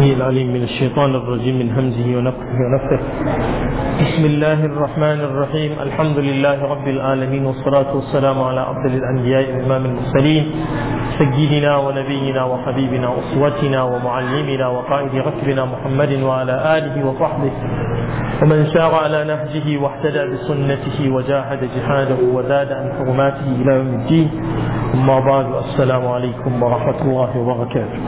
الله العليم من الشيطان الرجيم من همزه ونفخه ونفخه بسم الله الرحمن الرحيم الحمد لله رب العالمين والصلاة والسلام على أفضل الأنبياء وإمام المرسلين سيدنا ونبينا وحبيبنا أسوتنا ومعلمنا وقائد غفرنا محمد وعلى آله وصحبه ومن سار على نهجه واهتدى بسنته وجاهد جهاده وزاد عن حرماته إلى يوم الدين أما بعد السلام عليكم ورحمة الله وبركاته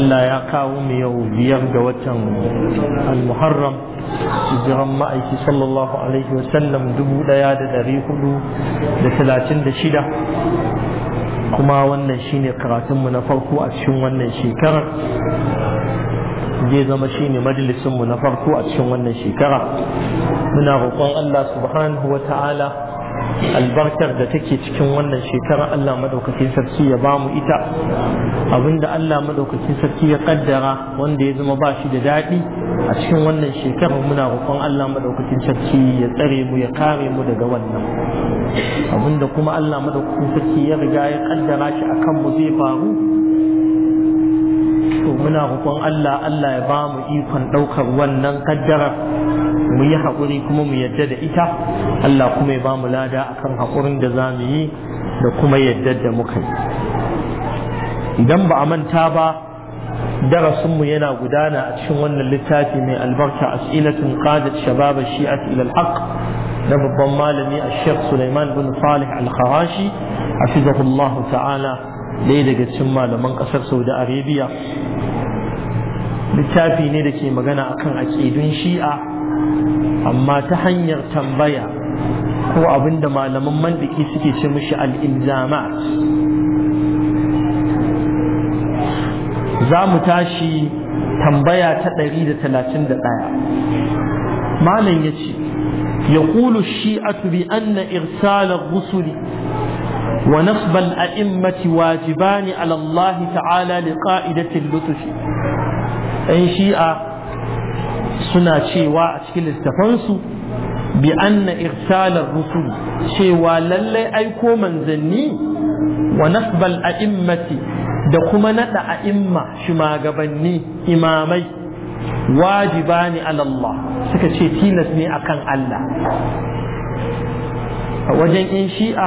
Allah ya kawo mu yau biyar ga watan al-muharram hijiran ma'aiki sallallahu alaihi wa sallam dubu daya da dari hudu da talatin da shida kuma wannan shine karatunmu na farko a cikin wannan shekarar zai zama shine majalisinmu na farko a cikin wannan shekara muna roƙon Allah subhanahu wa ta'ala albarkar da take cikin wannan shekarar Allah madaukakin sarki ya bamu ita abinda Allah madaukakin sarki ya kaddara wanda ya zama bashi da daɗi a cikin wannan shekarar muna roƙon Allah madaukakin sarki ya tsare mu ya kare mu daga wannan abinda kuma Allah madaukakin sarki ya riga ya kaddara shi akan mu zai faru to muna roƙon Allah Allah ya mu ikon ɗaukar wannan kaddara mu yi haƙuri kuma mu yadda da ita Allah kuma ya ba mu lada akan haƙurin da za mu yi da kuma yadda da muka yi idan ba a manta ba darasinmu yana gudana a cikin wannan littafi mai albarka a qadat shababar shi'at ila haq na babban malami a Sheikh Suleiman bin Salih Al-Kharashi hafizahullahu ta'ala ɗaya daga cikin malaman ƙasar saudi arabia littafi ne da ke magana akan aƙidun shi'a amma ta hanyar tambaya ko abinda malaman mandiki suke ce mushi al’inzamat za mu tashi tambaya ta ɗari da ɗaya. malam ya ce ya ƙulu shi a tubi an na irsalar gusuri wa nasban a'immati wajibani alallahi ta'ala li ƙa'idatin lutufi ɗan shi'a suna cewa a cikin littafansu bi anna irsalar rusul cewa lallai aiko manzanni wa nasbal a'immati da kuma nada a'imma shumagabanni imamai wajiba ne Allah suka ce tilas ne akan Allah a wajen in shi'a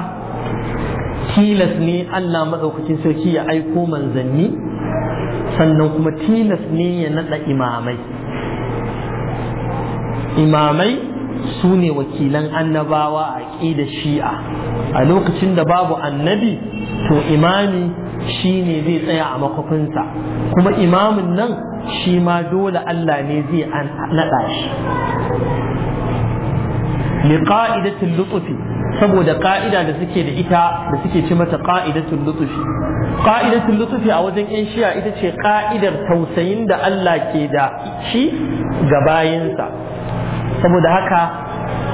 tilas ne Allah maɗaukacin sarki ya aiko manzanni sannan kuma tilas ne ya nada imamai imamai su ne wakilan annabawa a ƙida shi'a a lokacin da babu annabi to imami shi ne zai tsaya a makwafinsa kuma imamin nan shi ma dole Allah ne zai naɗa shi liqa'idatul lutufi saboda ka'ida da suke da ita da suke ci mata ka'idatul lutufi ka'idatul lutufi a wajen yan shi'a ita ce ka'idar tausayin da Allah ke da shi ga bayansa. saboda haka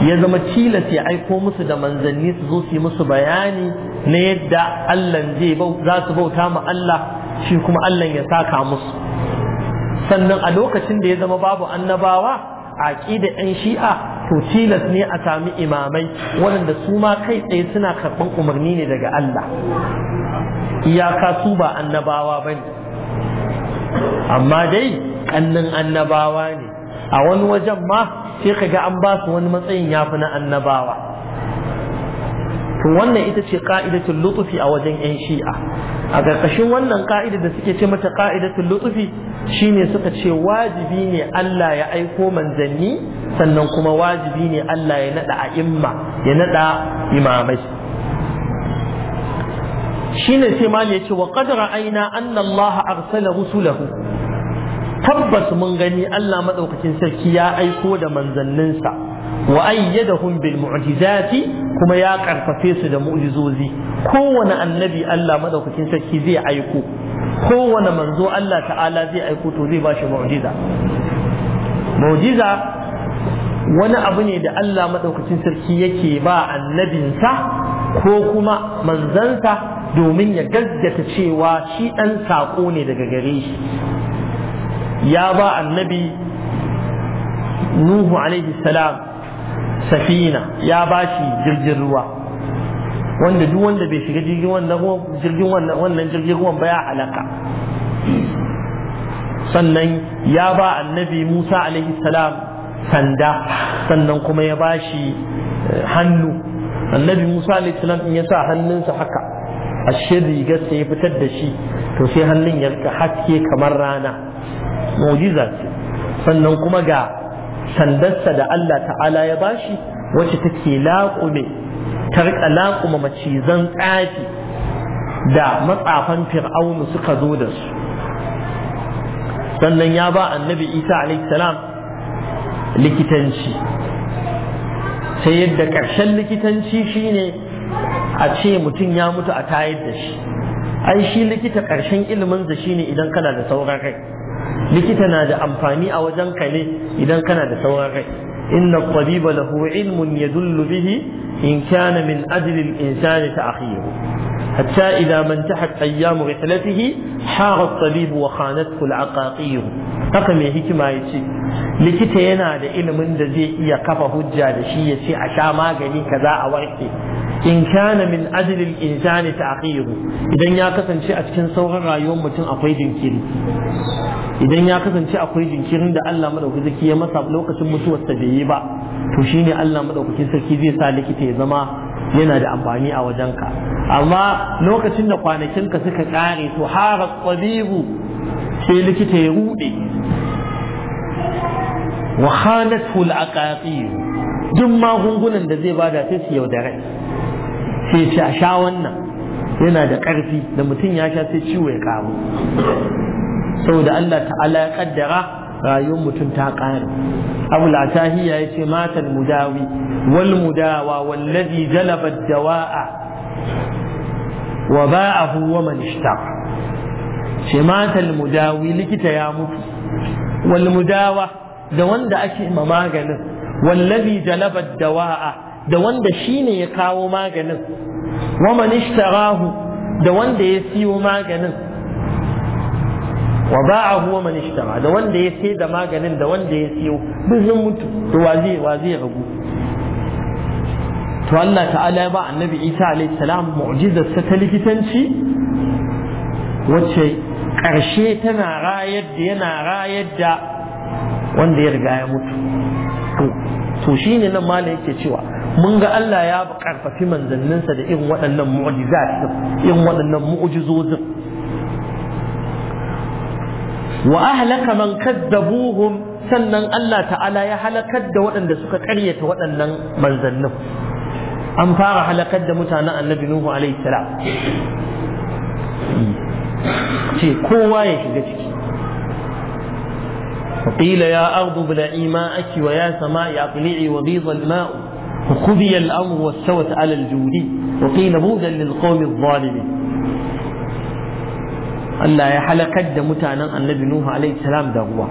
ya zama tilas ya aiko musu da manzanni su zo su yi musu bayani na yadda Allah zai za su bauta ma Allah shi kuma Allah ya saka musu sannan a lokacin da ya zama babu annabawa a da 'yan shi'a to tilas ne a sami imamai waɗanda su ma kai tsaye suna karɓan umarni ne daga Allah iyaka su ba annabawa ba ne amma dai ƙannin annabawa ne a wani wajen ma sai ka ga an ba su wani matsayin ya fi na annabawa to wannan ita ce ka'idatul lutufi a wajen 'yan shi'a a ƙarƙashin wannan ka'ida da suke ce mata ka'idatul lutufi shine suka ce wajibi ne Allah ya aiko manzanni sannan kuma wajibi ne Allah ya nada a'imma ya nada imamai shine sai mali ce wa qad ra'ayna anna Allah arsala rusulahu tabbas mun gani Allah Maɗaukacin sarki ya aiko da manzanninsa wa ayyadahum bil mu'jizati kuma ya karfafe su da mu'jizozi kowane annabi Allah madaukakin sarki zai aiko kowane manzo Allah ta'ala zai aiko to zai ba shi mu'jiza mu'jiza wani abu ne da Allah Maɗaukacin sarki yake ba annabinsa ko kuma manzansa domin ya gaggata cewa shi ɗan saƙo ne daga gare shi ya ba annabi nuhu alaihi salam safina ya ba shi jirgin ruwa wanda duk wanda bai shiga jirgin wannan jirgin ruwan ba ya halaka sannan ya ba annabi musa alaihi salam sanda sannan kuma ya ba shi eh, hannu annabi musa alaihi salam in ya sa hannunsa haka a rigar sai ya fitar da shi to sai hannun ya haske kamar rana mu'jiza sannan kuma ga sandarsa da Allah ta'ala ya bashi wacce take laƙume ta riƙa laƙuma macizan tsafi da matsafan fir'aunu suka zo da su sannan ya ba annabi isa salam likitanci sai yadda ƙarshen likitanci shine a ce mutum ya mutu a tayar da shi ai shi likita ƙarshen ilimin da shine idan kana da sauran rai likita na da amfani a wajen ka ne idan kana da sauran rai inna at-tabiba lahu ilmun yadullu bihi in kana min ajli al-insani ta'khiru hatta idha حتى ayyamu ما انتهت أيام رحلته wa الطبيب al العقاقير haka mai hikima ya ce likita yana da ilimin da zai iya kafa hujja da shi ya ce a sha magani kaza a warke in kana min ajlil insani ta'khiru idan ya kasance a cikin sauran rayuwar mutum akwai jinkiri idan ya kasance akwai jinkirin da Allah madaukakin sarki ya masa lokacin mutuwar sa bai yi ba to shine Allah madaukakin sarki zai sa likita ya zama yana da amfani a wajenka amma lokacin da kwanakinka suka kare to har tsabibu sai likita ya rude wa khanathu al duk magungunan da zai bada sai su yaudare sai ce a sha wannan yana da ƙarfi da mutum ya sha sai ciwo ya karu saboda Allah ta'ala ya kaddara rayuwar mutum ta ƙare abu latahiya ya ce matal mudawi wal mudawa wallazi jalaba dawa'a wa ba'ahu wa man ce matal mudawi likita ya mutu wal mudawa da wanda ake ma maganin wallazi jalaba dawa'a da wanda shine ya kawo maganin wa man ishtarahu da wanda ya siyo maganin wa ba'ahu wa man ishtara da wanda ya sai da maganin da wanda ya siyo duk mutu to wa zai wa zai ragu to Allah ta'ala ya ba annabi Isa alayhi salam mu'jizar ta likitanci wacce ƙarshe tana rayar da yana rayar da wanda ya riga ya mutu to shi ne nan malam yake cewa mun ga Allah ya karfafi manzanninsa da irin waɗannan mu'jizat irin waɗannan mu'jizozin wa ahlaka man kaddabuhum sannan Allah ta'ala ya halakar da waɗanda suka ƙaryata waɗannan manzannin an fara halakar da mutanen annabi Nuhu alaihi salam ce hmm. kowa ya shiga ciki وقيل يا أرض ابلعي ماءك ويا سماء أقلعي وغيض الماء وقضي الأمر واستوت على الجود وقيل بودا للقوم الظالمين Allah ya halakar da mutanen annabi Nuhu alaihi salam da ruwa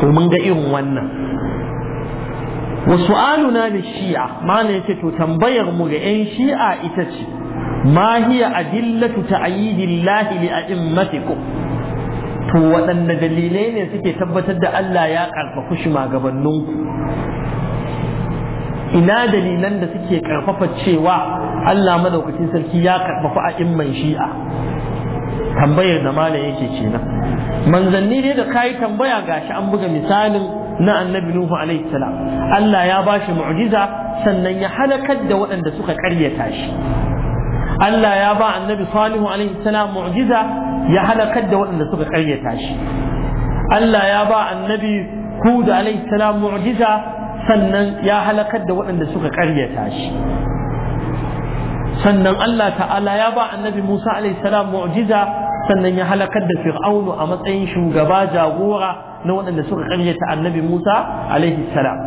to mun ga irin wannan wa su'aluna li shi'a mana yace to tambayar mu ga yan shi'a ita ce ma hiya adillatu ta'yidillahi li a'immatikum to waɗanne dalilai ne suke tabbatar da Allah ya ƙarfafa shi magabanninku ina dalilan da suke ƙarfafa cewa Allah madaukakin sarki ya ƙarfafa a imman shi'a tambayar da mala yake kenan manzanni dai da kayi tambaya gashi an buga misalin na annabi nuhu alaihi salam Allah ya bashi mu'jiza sannan ya halakar da waɗanda suka ƙaryata shi Allah ya ba annabi salihu alaihi salam mu'jiza ya halakar da waɗanda suka karyata shi Allah ya ba annabi Hud alaihi salam mu'jiza sannan ya halakar da waɗanda suka karyata shi sannan Allah ta'ala ya ba annabi Musa alaihi salam mu'jiza sannan ya halakar da Fir'aunu a matsayin shugaba jagora na waɗanda suka karyata annabi Musa alaihi salam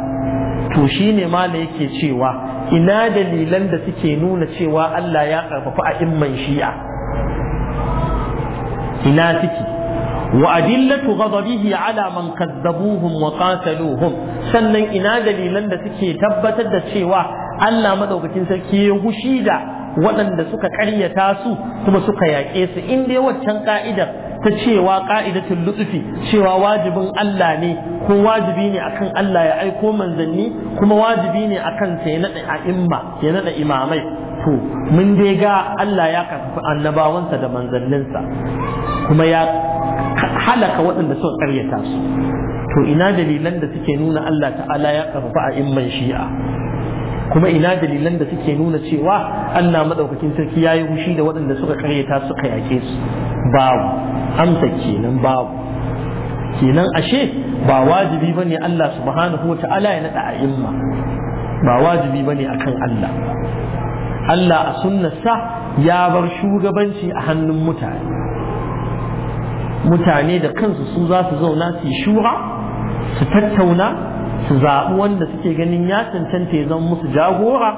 to shine ma da yake cewa ina dalilan da suke nuna cewa Allah ya karfafa a imman shi'a ina ciki wa adillatu ghadabihi ala man kazzabuhum wa qataluhum sannan ina dalilan da suke tabbatar da cewa Allah madaukakin sarki ya hushi da waɗanda suka karyata su kuma suka yaƙe su in dai waccan ka'idar ta cewa ka'idatul lutfi cewa wajibin Allah ne ko wajibi ne akan Allah ya aiko manzanni kuma wajibi ne akan sa ya nada a'imma ya nada imamai to mun dai ga Allah ya karfafa annabawansa da manzanninsa kuma ya halaka waɗanda suka ƙaryata su to ina dalilan da suke nuna Allah ta'ala ya karfa a imman shi'a kuma ina dalilan da suke nuna cewa Allah madaukakin sarki ya yi hushi da waɗanda suka karyata suka yake su babu amsa kenan babu kenan ashe ba wajibi bane Allah subhanahu wa ta'ala ya nada a'imma ba wajibi bane akan Allah Allah a sunnarsa ya bar shugabanci a hannun mutane mutane da kansu su za su zauna su shura su tattauna su zaɓi wanda suke ganin ya cancanta ya zama musu jagora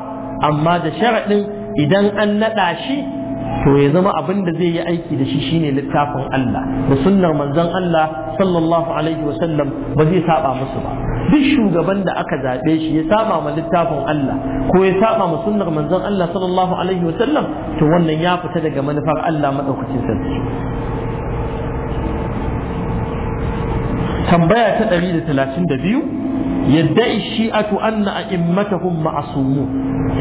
amma da sharaɗin idan an naɗa shi to ya zama abin da zai yi aiki da shi shine littafin Allah da sunnar manzon Allah sallallahu alaihi wa sallam ba zai saba musu ba duk shugaban da aka zaɓe shi ya saba ma littafin Allah ko ya saba ma sunnar manzon Allah sallallahu alaihi wa sallam to wannan ya fita daga manufar Allah madaukakin sarki tambaya ta 132 yadda shi'atu anna a'immatahum ma'asumu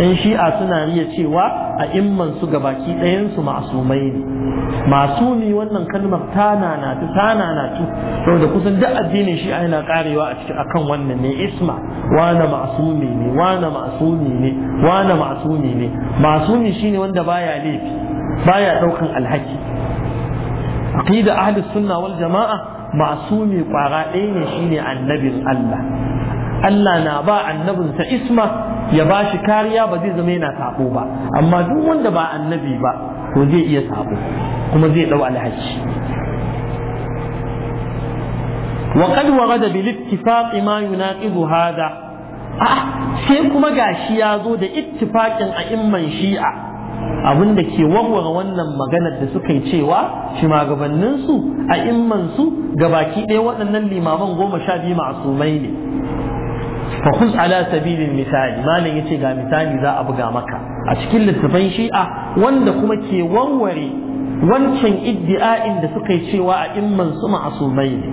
in shi'a suna riya cewa a'imman su ga baki ɗayansu ma'asumai ne masumi wannan kalmar tana na ta tana na kusan duk addinin shi'a yana karewa a cikin akan wannan ne isma wana ma'asumi ne ne wana masumi shine wanda baya laifi baya daukan alhaki aqida ahlus sunna wal jama'a ma'asumi kwara ɗaya ne shine annabin Allah Allah na ba annabinsa isma ya ba shi kariya ba zai zama yana sabo ba amma duk wanda ba annabi ba to zai iya sabo kuma zai dau alhaji wa qad warada bil ittifaq ma yunaqidu hada a'a sai kuma gashi ya zo da ittifaqin a'imman shi'a abin da ke warware wannan maganar da suka yi cewa shugabanninsu a immansu gabaki ɗaya waɗannan limaman goma sha biyu ma'asumai ne fahus ala sabilin misali malam yace ga misali za a buga maka a cikin littafin shi'a wanda kuma ke warware wancan iddi'a'in da suka yi cewa a immansu masumai ne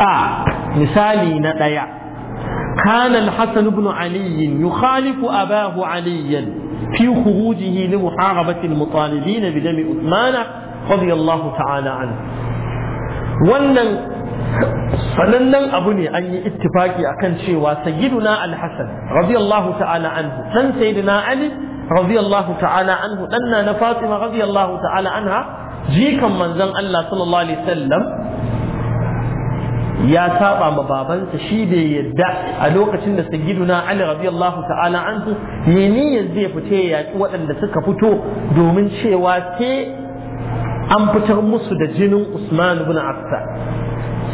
a misali na ɗaya kanal الحسن بن علي يخالف abahu عليا في خروجه لمحاربة المطالبين بدم عثمان رضي الله تعالى عنه wannan sanannen abu ne an yi ittifaki akan cewa sayyiduna al-hasan radiyallahu ta'ala anhu dan sayyiduna ali radiyallahu ta'ala anhu danna na fatima radiyallahu ta'ala anha jikan manzon Allah sallallahu alaihi wasallam ya saba ma babansa shi bai yadda a lokacin da sayyiduna Ali radiyallahu ta'ala anhu ne niyyar zai fita ya yaki waɗanda suka fito domin cewa sai an fitar musu da jinin Usman ibn Affan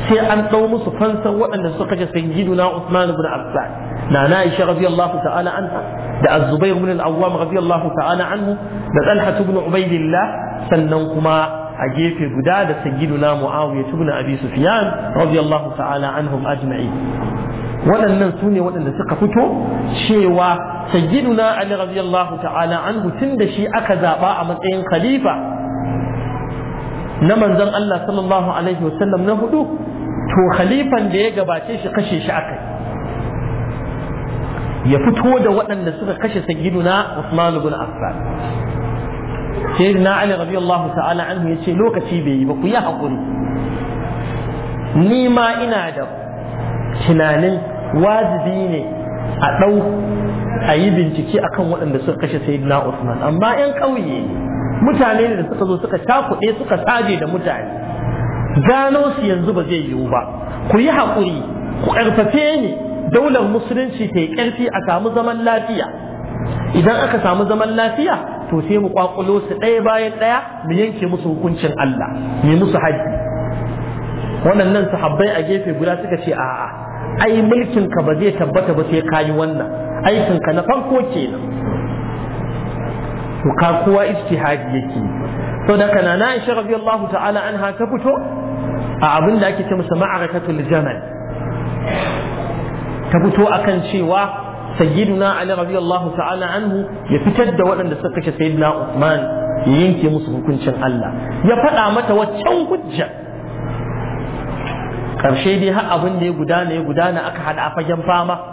sai an ɗau musu fansar waɗanda suka ji sayyiduna Usman ibn Affan na na Aisha radiyallahu ta'ala anha da Az-Zubair ibn Al-Awwam radiyallahu ta'ala anhu da Talha ibn Ubaydillah sannan kuma a gefe guda da sayyiduna muawiya ibn abi sufyan radiyallahu ta'ala anhum ajma'in waɗannan su ne waɗanda suka fito cewa sayyiduna ali radiyallahu ta'ala anhu tun da shi aka zaɓa a matsayin khalifa na manzon Allah sallallahu alaihi wasallam na hudu to khalifan da ya gabace shi kashe shi akai ya fito da waɗanda suka kashe sayyiduna Usman ibn Affan sai na ali radiyallahu ta'ala anhu ya ce lokaci bai yi ba ku yi haƙuri ni ma ina da tunanin wajibi ne a ɗau a yi bincike akan waɗanda suka kashe sayyidina usman amma 'yan ƙauye mutane ne da suka zo suka takuɗe suka tsaje da mutane gano su yanzu ba zai yiwu ba ku yi haƙuri ku ƙarfafe ni daular musulunci ta yi ƙarfi a samu zaman lafiya idan aka samu zaman lafiya to sai mu kwakulo su ɗaya bayan ɗaya mu yanke musu hukuncin Allah mu musu haji waɗannan sahabbai a gefe guda suka ce a'a ai mulkin ka ba zai tabbata ba sai kayi wannan aikin ka na farko kenan to ka kowa ijtihadi yake to da kana na Aisha radiyallahu ta'ala anha ta fito a abin da ake ce masa ma'arakatul jamal ta fito akan cewa sayyiduna ali radiyallahu ta'ala anhu ya fitar da waɗanda suka kashe sayyiduna usman ya yanke musu hukuncin Allah ya faɗa mata waccan hujja ƙarshe dai har abin da ya gudana ya gudana aka haɗa fagen fama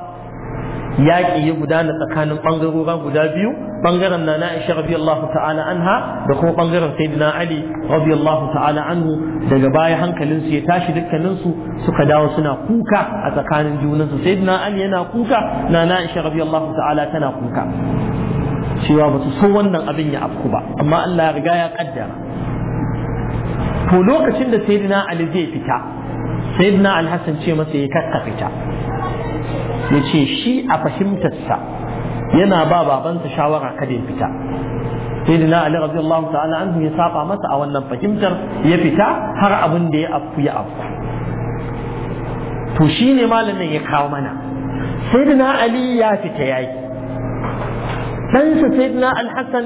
yaƙi ya gudana tsakanin ɓangarora guda biyu ɓangaren na na'isha radiyallahu ta'ala anha da kuma ɓangaren sayyidina ali radiyallahu ta'ala anhu daga baya hankalinsu ya tashi su suka dawo suna kuka a tsakanin junansu sayyidina ali yana kuka na na'isha radiyallahu ta'ala tana kuka cewa ba su san wannan abin ya afku ba amma Allah ya riga ya kaddara to lokacin da sayyidina ali zai fita sayyidina al-hasan ce masa ya kakka fita ya ce shi a fahimtarsa yana ba babansa shawara kada ya fita sai na ali radiyallahu ta'ala anhu ya saba masa a wannan fahimtar ya fita har abin da ya afku ya afku to shine malamin ya kawo mana sayyidina ali ya fita yayi ɗansa sayyidina al-hasan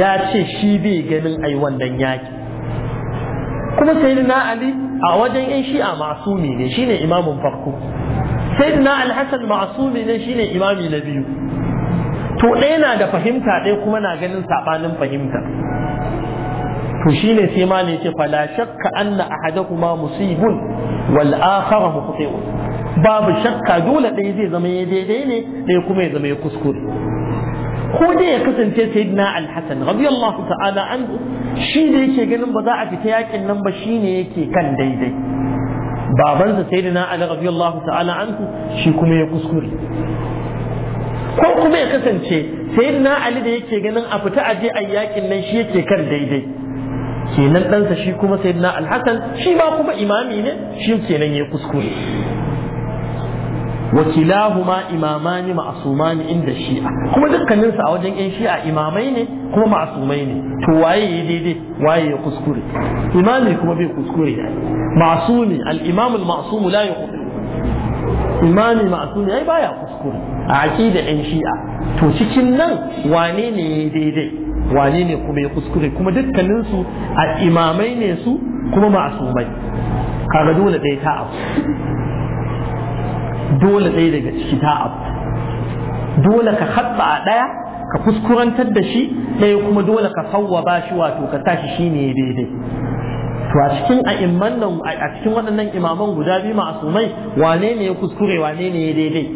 ya ce shi bai ganin ai wannan yaki kuma sayyidina ali a wajen yan shi'a masumi ne shine imamin farko sayyidina al-hasan ma'sumi ne shine imami na biyu to ɗaya na da fahimta ɗaya kuma na ganin saɓanin fahimta to shine sai ma ne ce fala shakka anna ahadakuma musibun wal akhar muqti'un babu shakka dole ɗaya zai zama ya daidai ne ɗaya kuma ya zama ya kuskure ko dai ya kasance sayyidina al-hasan radiyallahu ta'ala anhu shi da yake ganin ba za a fita yakin nan ba shine yake kan daidai babansa sayyidina ali radiyallahu ta'ala anhu shi kuma ya kuskure ko kuma ya kasance sayyidina ali da yake ganin a fita aje a yakin nan shi yake kan daidai kenan ɗansa shi kuma sayyidina al-hasan shi ba kuma imami ne shi kenan ya kuskure وكلاهما إمامان معصومان عند الشيعة كما دقا ننسى أوجن إن شيعة إمامين كما معصومين تواي يديدي واي يقسكري إمامي كما بي قسكري يعني معصومي الإمام المعصوم لا يقسكري إمامي معصومي أي بايا قسكري عقيدة إن شيعة تو cikin nan wane ne daidai wane ne kuma ya kuskure kuma dukkaninsu a imamai ne su kuma masumai kaga dole ɗaya ta abu dole ɗaya daga ciki ta abu dole ka hatsa a ɗaya ka kuskurantar da shi ɗaya kuma dole ka ba shi wato ka tashi shi ne daidai to a cikin a cikin waɗannan imaman guda biyu ma'asumai wane ne ya kuskure wane ne ya daidai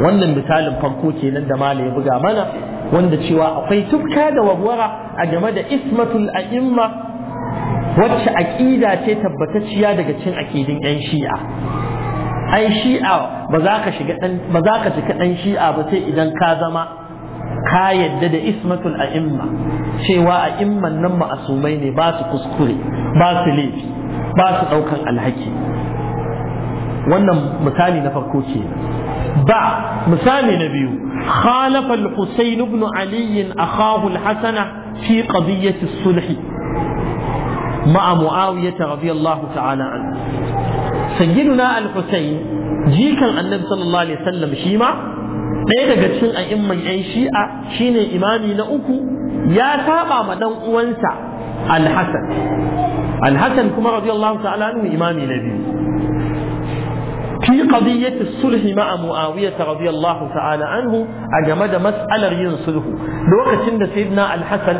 wannan misalin farko kenan da mala ya buga mana wanda cewa akwai tufka da warwara a game da ismatul a'imma wacce aƙida ce tabbatacciya daga cin aqidin 'yan shi'a ai shi'a ba za ka shiga dan ba za ka shiga dan shi'a ba sai idan ka zama ka yadda da ismatul a'imma cewa a'imman nan ma'asumai ne ba su kuskure ba su laifi ba su daukan alhaki wannan misali na farko ke ba misali na biyu khalafa al-husayn ibn ali akhahu al-hasana fi qadiyyati as-sulh ma'a muawiyah radiyallahu ta'ala anhu sayyiduna al-husayn jikan annabi sallallahu alaihi ɗaya daga cikin a'imman yan shi'a shine imami na uku ya saba ma dan uwansa al-hasan al-hasan kuma radiyallahu ta'ala anhu imami na biyu في anhu a game da mas'alar yin sulhu. Lokacin da مسألة ينصله لوقت عند سيدنا الحسن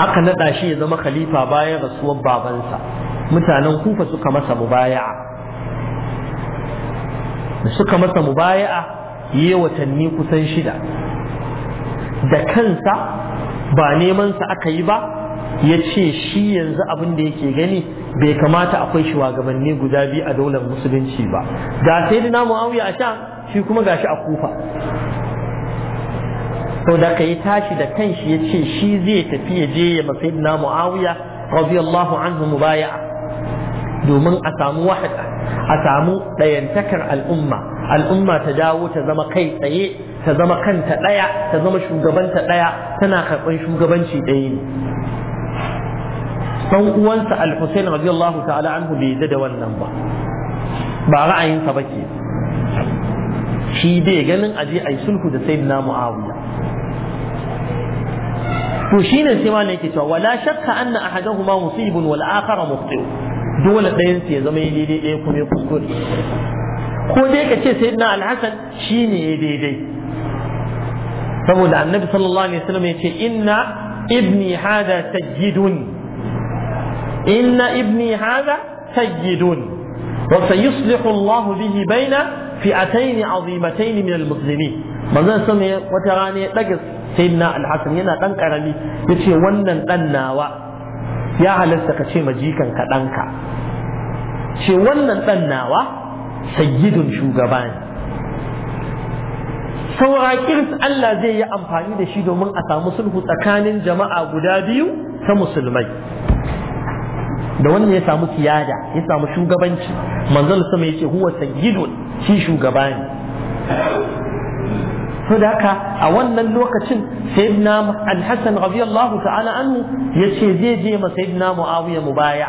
أقنع شيء زم خليفة باية رسول بابنسا mutanen kufa suka masa mubaya'a da suka masa mubaya'a yi watanni kusan shida da kansa ba nemansa sa aka yi ba ya ce shi yanzu abin da yake gani bai kamata akwai shugabanni guda biyu a daular musulunci ba ga sai dina muawiya a sha shi kuma gashi a kufa sau da ka yi tashi da kanshi ya ce shi zai tafi ya je ya masai na mu'awiya radiyallahu anhu mubaya'a domin a samu wahada a samu ɗayantakar al'umma al'umma ta dawo ta zama kai tsaye ta zama kanta ɗaya ta zama shugabanta ɗaya tana karɓar shugabanci ɗaya ne dan uwansa al-Husayn radiyallahu ta'ala anhu bai da wannan ba ba ra'ayinsa ba ke shi dai ganin aje ai sulhu da sayyidina Muawiya to shine sai ma ne yake cewa wala shakka anna ahadahuma musibun wal akhar muqtir dole ɗayan ya zama ya daidai ɗaya kuma ya kuskure ko dai ka ce sayyidina AlHassan shi ne ya daidai saboda annabi sallallahu alaihi wasallam ya ce inna ibni hada sayyidun inna ibni hada sayyidun وسيصلح الله به بين فئتين عظيمتين من المسلمين manzon sun ne wata rana ya daga sayyidina al-hasan yana dan karami yace wannan dan nawa ya halasta ka ce majikan ka ɗanka ce wannan ɗan nawa sayyidun shugaba ne saura kirs Allah zai yi amfani da shi domin a samu sulhu tsakanin jama'a guda biyu ta musulmai da wannan ya samu kiyada ya samu shugabanci manzon sama ya ce huwa sayyidun shi shugaba ne to da haka a wannan lokacin sayyidina al-hasan radiyallahu ta'ala anhu ce zai je ma sayyidina muawiya baya.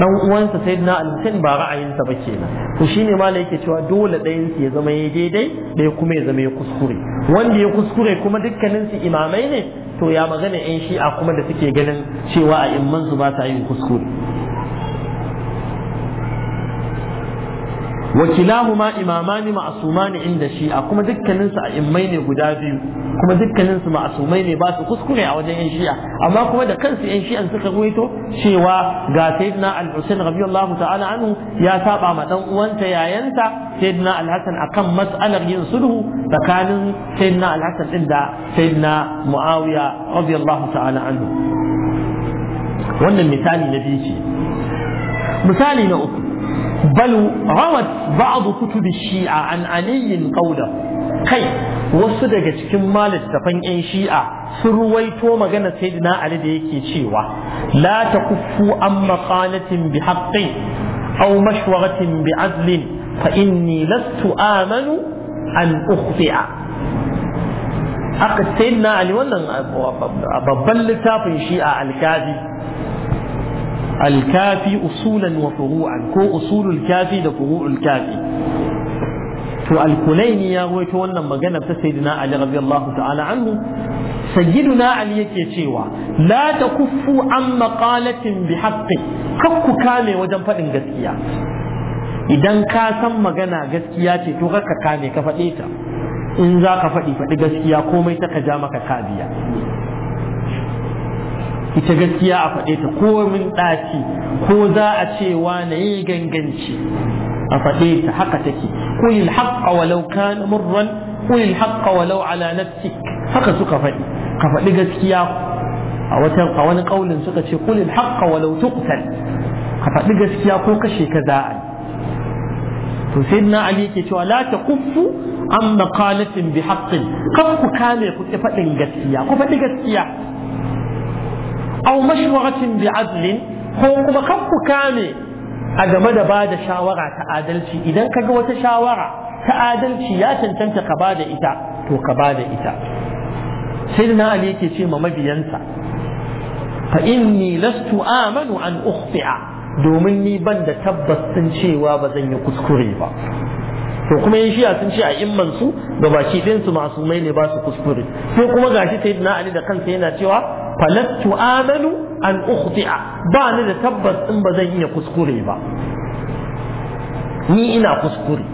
dan uwansa sayyidina al-husain ba ra'ayinsa ba kenan to shine ma yake cewa dole ɗayan ya zama ya daidai ɗaya kuma ya zama ya kuskure wanda ya kuskure kuma dukkanin su imamai ne to ya magana yan shi'a kuma da suke ganin cewa a imman su ba ta yin kuskure ma imamani ma'asumani inda shi'a kuma dukkanin su a immai ne guda biyu kuma dukkanin su ne ba su kuskure a wajen yan shi'a amma kuma da kansu yan shi'an suka ruwaito cewa ga sayyidina al-Husain radiyallahu ta'ala anhu ya saba ma dan uwanta yayanta sayyidina al-Hasan akan mas'alar yin sulhu tsakanin sayyidina al-Hasan din da sayyidina Muawiya radiyallahu ta'ala anhu wannan misali na biyu ce misali na uku بل روت بعض كتب الشيعة an aliyin قوله Kai wasu daga cikin malittafan 'yan shi'a sun ruwaito magana sayyidina Ali da yake cewa la takuffu an maqalatin bi haqqin aw mashwaratin bi adlin fa inni lastu amanu an ukhti'a aka sayyidina Ali wannan babban littafin shi'a al-kafi alkafi usulan wa furu'an ko usulul kyafi da furu'ul kyafi. to alkulaini ya rawaito wannan magana ta sayyidina ali radiyallahu ta'ala anhu sayyiduna ali yake cewa la takuffu an maqalatin bi haqqi kakku kame wajen faɗin gaskiya idan ka san magana gaskiya ce to ka kame ka faɗe ta in za ka faɗi faɗi gaskiya komai ta ka ja maka kabiya ita gaskiya a faɗe ta ko min ɗaci ko za a ce wa na yi ganganci a faɗe ta haka take qul haqqa walau kana murran qul haqqa walau ala nafsik haka suka faɗi ka faɗi gaskiya a wata a wani kaulin suka ce qul haqqa walau tuqtal ka faɗi gaskiya ko kashe ka za a to sayyidina ali yake cewa la kuffu an maqalatin bi haqqin kan ku kame ku faɗin gaskiya ku faɗi gaskiya aw mashwaratin bi adlin ko kuma kan ku kame a game da ba da shawara ta adalci idan ka ga wata shawara ta adalci ya cancanta ka ba da ita to ka ba da ita sai da ali yake ce ma mabiyansa fa inni lastu amanu an ukhti'a domin ni ban da tabbas sun cewa ba zan yi kuskure ba to kuma yin shiya sun ce a imman su ga baki ɗin su mai ne ba su kuskure sai kuma gashi sai na ali da kansa yana cewa falattu amanu an ukhti'a ba ni da tabbas in ba zan iya kuskure ba ni ina kuskure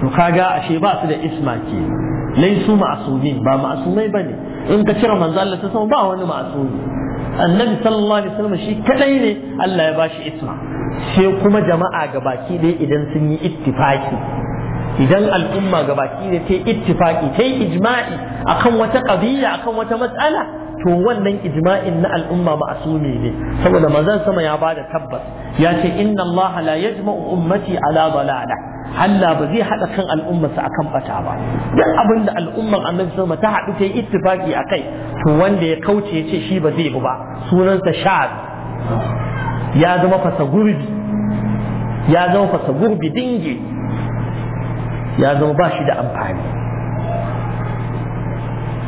to kaga ashe ba su da isma ke su ma'asumin ba ma'asumai ne. in ka cire manzo Allah ta sama ba wani ma'asumi annabi sallallahu alaihi wasallam shi kadai ne Allah ya bashi isma sai kuma jama'a baki ɗaya idan sun yi ittifaki idan al'umma gabaki da ta ittifaki ta yi ijma'i akan wata kabila akan wata matsala to wannan ijma'in na al'umma ma'asumi ne saboda manzon sama ya bada tabbas ya ce inna Allah la yajma'u ummati ala dalala Allah ba zai hada kan su akan bata ba duk abin da al'ummar annabi sama ta haɗu ta yi ittifaki akai to wanda ya kauce ya ce shi ba zai bi ba sunansa sha'ab ya zama fasa gurbi ya zama fasa gurbi dinge ya zama ba shi da amfani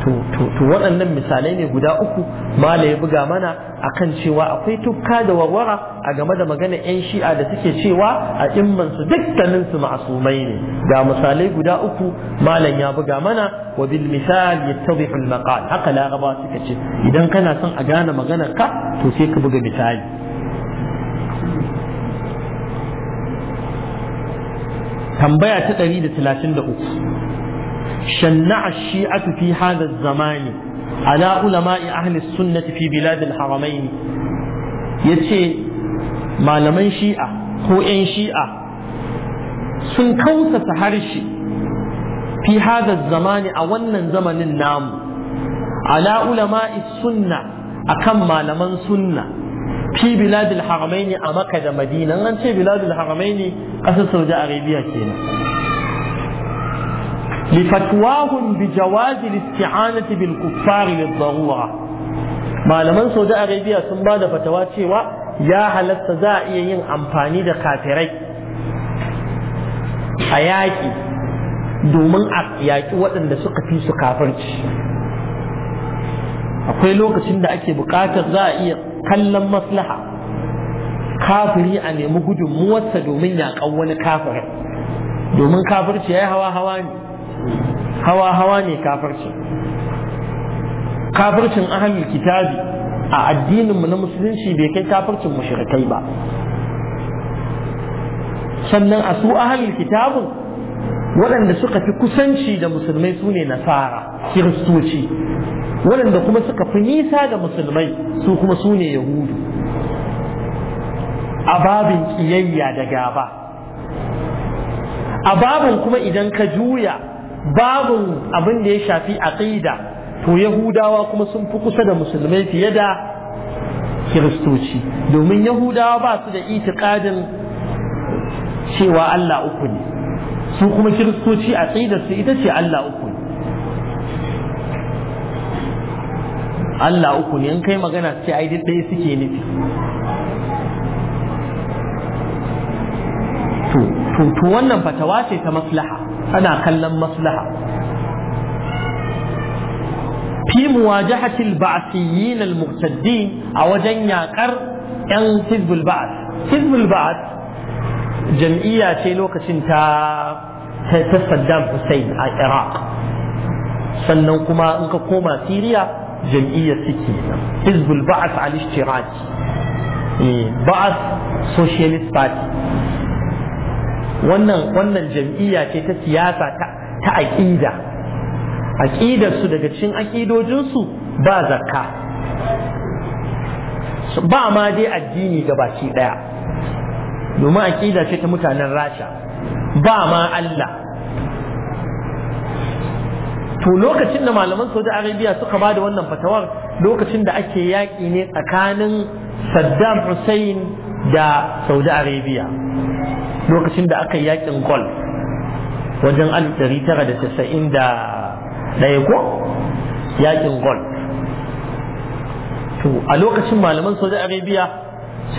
to waɗannan misalai ne guda uku mala ya buga mana akan cewa akwai tukka da warwara a game da magana 'yan shi'a da suke cewa a immansu dukkaninsu ma'asumai ne ga misalai guda uku malam ya buga mana wa bil misal yattadhihu maqal haka laraba suka ce idan kana son a gane maganar ka to sai ka buga misali tambaya ta 133 shanna'a shi'atu fi hadha zamani ala ulama'i ahli sunnati fi bilad al-haramain yace malaman shi'a ko 'yan shi'a sun kausata harshe fi hadha zamani a wannan zamanin namu ala ulama'i sunna akan malaman sunna fi biladil haramaini a maka da madina an ce biladil haramaini ƙasar saudi arabia kenan lifatwahum bi jawazi isti'anati bil kuffar lid darura malaman saudi arabia sun ba da fatawa cewa ya halatta za a iya yin amfani da kafirai a yaƙi domin a yaƙi waɗanda suka fi su kafirci akwai lokacin da ake buƙatar za a iya kallon maslaha kafiri a nemi gudunmuwarsa domin yaƙan wani kafirin domin kafirci ya yi hawa hawa ne hawa hawa ne kafirci kafircin ahalul kitabi a addininmu na musulunci bai kai kafircin mushrikai ba sannan a su ahalul kitabin waɗanda suka fi kusanci da musulmai su ne nasara kiristoci waɗanda kuma suka fi nisa da musulmai su kuma su ne yahudu a babin ƙiyayya da gaba a babin kuma idan ka juya babin abin da ya shafi aqida to yahudawa kuma sun fi kusa da musulmai fiye da kiristoci domin yahudawa ba su da itikadin cewa Allah uku ne su kuma kiristoci a tsidarsu ita ce Allah uku Allah uku ne in kai magana ce ai duk ɗaya suke nufi to to wannan fatawa ce ta maslaha ana kallon maslaha fi muwajahatil ba'siyyin al-muqtaddin a wajen yakar yan hizbul ba'th hizbul ba'th jam'iyya ce lokacin ta ta Saddam Hussein a Iraq sannan kuma in ka koma Siriya jam'iyyar suke Hizbul Ba'ath al eh, Ba'ath Socialist Party wannan wannan jam'iyya ce ta siyasa ta ta aqida daga cikin aƙidojinsu ba zakka ba ma dai addini baki daya domin aƙida ce ta mutanen rasha ba ma Allah to lokacin da malaman saudi arabia suka ba da wannan fatawar lokacin da ake yaƙi ne tsakanin saddam hussein da saudi arabia lokacin da aka yaƙin golf wajen 1991 ko yaƙin golf to a lokacin malaman saudi arabia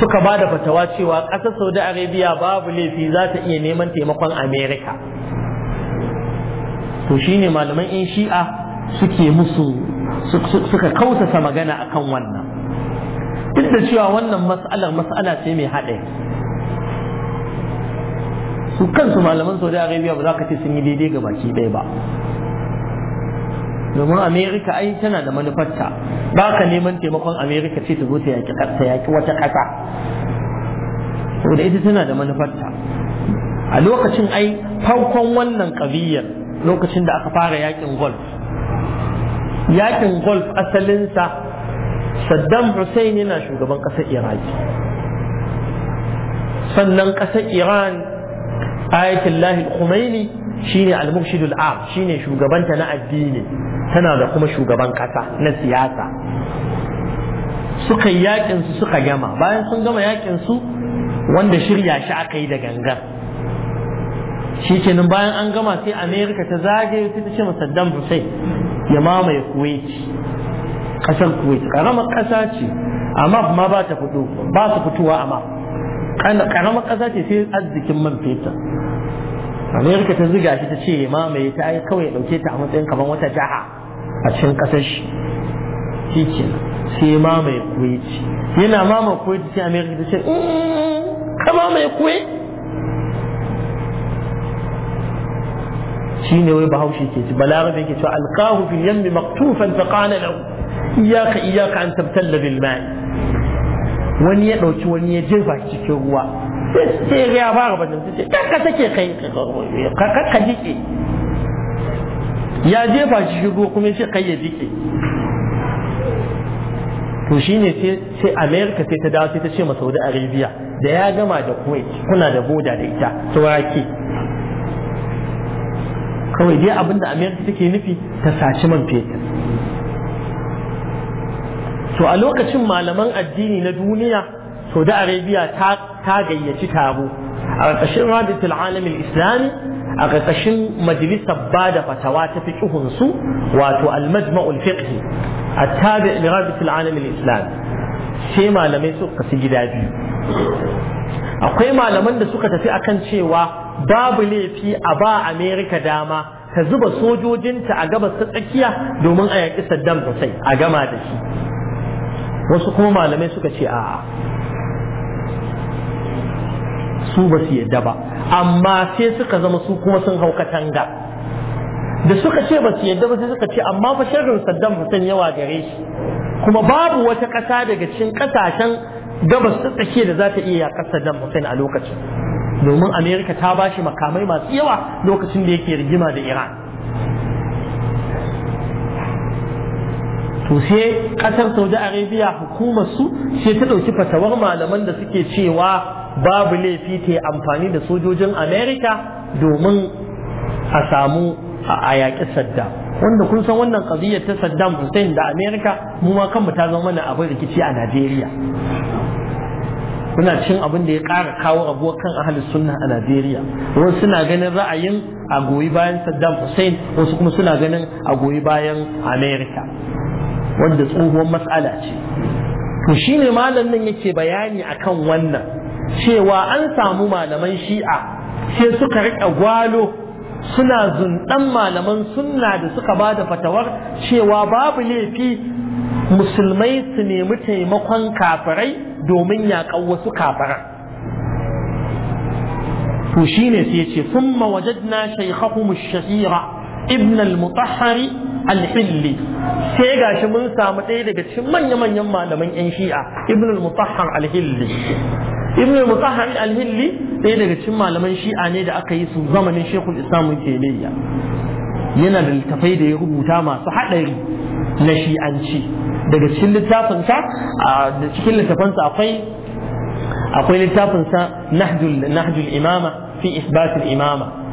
suka ba da fatawa cewa ƙasar saudi arabia babu laifi za ta iya neman taimakon amerika to shine malaman in shi'a suke musu suka kautata magana akan wannan duk da cewa wannan mas'alar mas'ala ce mai haɗe su kansu malaman saudi arabia ba za ka ce sun yi daidai ga baki ɗaya ba domin Amerika ai tana da manufarta ba ka neman taimakon Amerika ce ta zo ta yaki ta yaki wata ƙasa saboda ita tana da manufarta a lokacin ai farkon wannan ƙabiyar lokacin da aka fara yakin golf yakin golf asalinsa saddam hussein yana shugaban ƙasar iraki sannan ƙasar iran ayatullahi khomeini shine al-murshidul am shine shugabanta na addini tana da kuma shugaban kasa na siyasa suka yi yakin su suka gama bayan sun gama yakin su wanda shirya shi aka yi da gangan shi bayan an gama sai amerika ta zagaye ta ce saddam hussein ya mamaye kuwait kasar kuwait karamar kasa ce amma ma ba ta fito ba su fitowa amma karamar kasa ce sai arzikin man fetur amerika ta ziga shi ta ce mamaye ta ai kawai dauke ta a matsayin kamar wata jaha a cikin kasar shi shi sai mamaye kuwait yana mamaye kuwait sai amerika ta ce mm, ka mamaye kuwait shi ne wai bahaushe ke ci balarabe ke cewa alkahu fil yammi maktufan fa qala lahu Iyaka, iyaka, an tabtalla bil ma'i wani ya dauki wani ya jefa cikin ruwa sai ya fara fadin take kai jike ya jefa shi shigo kuma ya ce kai ya jike to shine sai america sai ta dawo sai ta ce ma saudi arabia da ya gama da kuwait kuna da boda da ita sauraki kawai dai abinda america take nufi ta saci man fetur to a lokacin malaman addini na duniya saudi arabia ta gayyaci taro a ƙarƙashin raditul alamin islami a ƙarƙashin majalisar ba da fatawa ta su wato al-majma'ul fiqhi attabi li raditul alamin islami sai malamai suka su gida biyu akwai malaman da suka tafi akan cewa babu laifi a ba america dama ta zuba sojojinta a gabas ta tsakiya domin a yaƙi saddam sosai a gama da shi wasu kuma malamai suka ce a'a su ba su yadda ba amma sai suka zama su kuma sun hau katanga da suka ce ba su yadda ba sai suka ce amma fa sharrin Saddam Hussein yawa gare shi kuma babu wata ƙasa daga cikin ƙasashen gabas ta tsakiya da za ta iya yaƙar Saddam Hussein a lokacin domin Amerika ta ba shi makamai masu yawa lokacin da yake rigima da Iran to sai ƙasar Saudi Arabia hukumar su sai ta ɗauki fatawar malaman da suke cewa babu laifi ta amfani da sojojin amerika domin a samu a yaƙi saddam wanda kun san wannan ƙaziyar ta saddam hussein da amerika mu ma kanmu ta zama mana abin rikici a najeriya Suna cin abin da ya ƙara kawo abuwa kan ahalin sunna a Najeriya wasu suna ganin ra'ayin a goyi bayan Saddam Hussein wasu kuma suna ganin a goyi bayan Amerika wanda tsohuwar matsala ce to shine malamin nan yake bayani akan wannan cewa an samu malaman shi'a sai suka riƙe gwalo suna zunɗan malaman sunna da suka ba da fatawar cewa babu laifi musulmai su nemi taimakon kafirai domin yaƙan wasu kafiran to shine sai ya ce summa wajadna shaykhahum ash-shahira ibn al-mutahhari al-hilli sai gashi mun samu ɗaya daga cikin manya-manyan malaman yan shi'a ibn al-mutahhar al-hilli ibn al-mutahhar al-hilli ɗaya daga cikin malaman shi'a ne da aka yi su zamanin shekul ke kemiyya yana da littafai da ya rubuta masu haɗari na shi'anci daga cikin littafinsa da cikin sa akwai akwai sa nahjul nahjul imama fi isbatil imama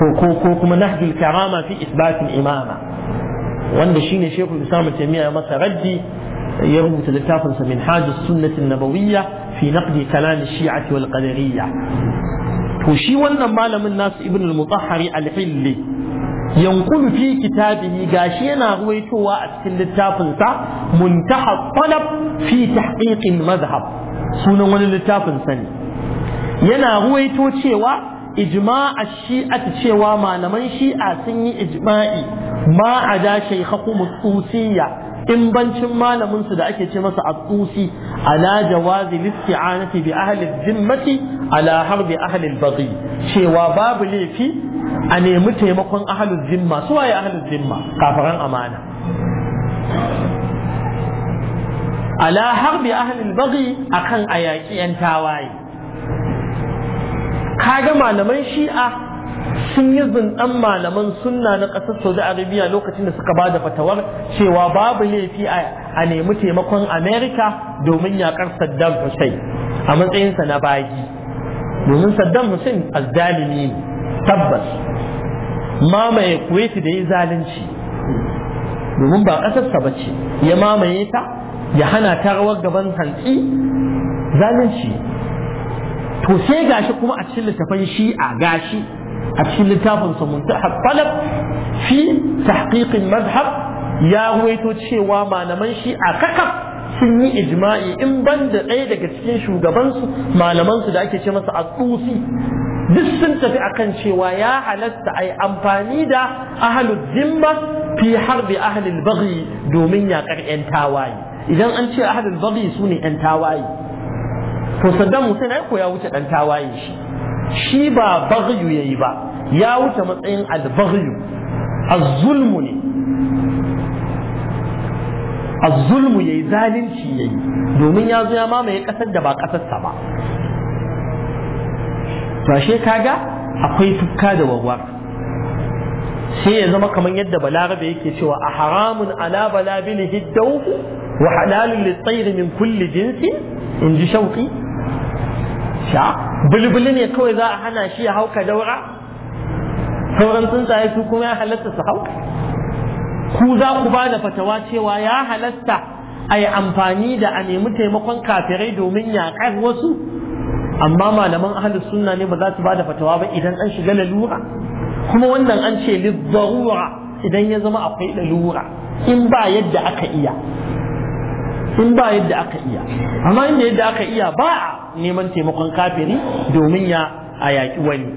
ko kuma nahjul karama fi isbatin imama wanda shine shekul islam taymiya ya masa raddi ya rubuta littafin sa min minhajus sunnatin nabawiyya fi naqdi kalam shi'ati wal qadariyya to shi wannan malamin nasu ibn al-mutahhari al-hilli yankulu fi kitabihi gashi yana ruwaitowa a cikin littafin sa. muntaha talab fi tahqiqin madhhab sunan wani littafin sani yana ruwaito cewa ijma'a shi'at cewa malaman shi'a sun yi ijma'i ma a da shaykhakum tsusiyya in bancin malaminsu da ake ce masa at-tusi ala jawazi listi'anati bi ahli dhimmati ala harbi ahli al cewa babu laifi a nemi taimakon ahli dhimma su waye ahli kafaran amana ala harbi ahli bari akan ayaki yan tawaye kaga malaman shi'a sun yi zindan malaman sunna na ƙasar saudi arabia lokacin da suka ba da fatawar cewa babu laifi a nemi taimakon america domin yakar saddam hussein a matsayinsa na bagi domin saddam hussein azzalimi ne tabbas mamaye kuwaiti da yi zalunci domin ba ƙasarsa ba ce ya mamaye ta ya hana ta rawar gaban hantsi zalunci to sai gashi kuma a cikin littafin shi'a gashi a cikin littafin sa muntahab talab fi tahqiqin mazhab ya ruwaito cewa malaman shi'a kakaf sun yi ijma'i in ban da ɗaya daga cikin shugabansu malamansu da ake ce masa asusi duk sun tafi akan cewa ya halatta yi amfani da ahlul zimma fi harbi ahlul bari domin yaƙar 'yan tawaye idan an ce ahlul bari su ne 'yan tawaye to saddam hussein ai ko ya wuce dan tawaye shi shi ba baghyu yayi ba ya wuce matsayin al-baghyu az-zulmu ne az-zulmu yayi zalunci yayi domin ya zo ya mamaye kasar da ba kasar sa ba to ashe kaga akwai tukka da wawwar sai ya zama kamar yadda balarabe yake cewa a haramun ala balabilihi hiddau wa halalun lit min kulli jinsi in ji shauki sha bulbuli ne kawai za a hana shi ya hauka daura sauran tsuntsaye su kuma ya halatta su hauka ku za ku ba da fatawa cewa ya halatta a yi amfani da a nemi taimakon kafirai domin yaƙar wasu amma malaman ahalus sunna ne ba za su ba da fatawa ba idan an shiga lalura kuma wannan an ce lizzarura idan ya zama akwai lalura in ba yadda aka iya in ba yadda aka iya amma inda yadda aka iya ba a neman taimakon kafiri domin ya a yaƙi wani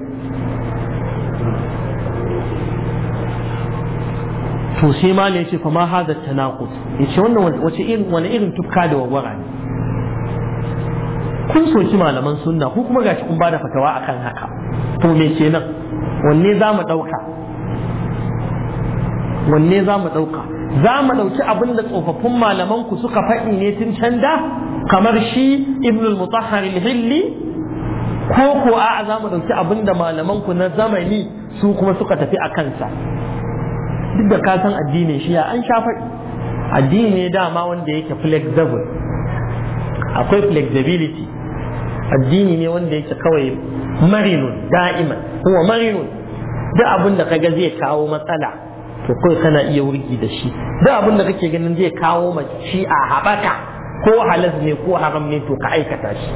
to sai ma ne ce fama hada tanaqut yace wannan wace irin wani irin tukka da wawara ne kun soki malaman sunna ko kuma gashi kun bada fatawa akan haka to me nan wanne za mu wanne za mu ɗauka za mu ɗauki abin da tsofaffin malamanku suka faɗi ne tun can da kamar shi ibn al-mutahhar hilli ko ko a za mu ɗauki abin da na zamani su kuma suka tafi a kansa duk da ka san addinin shi ya an sha faɗi addini ne dama wanda yake flexible akwai flexibility addini ne wanda yake kawai marinun da'iman kuma marinun duk abin da kaga zai kawo matsala to kawai kana iya wurgi da shi da abin da kake ganin zai kawo mace a habaka ko halas ne ko haram ne to ka aikata shi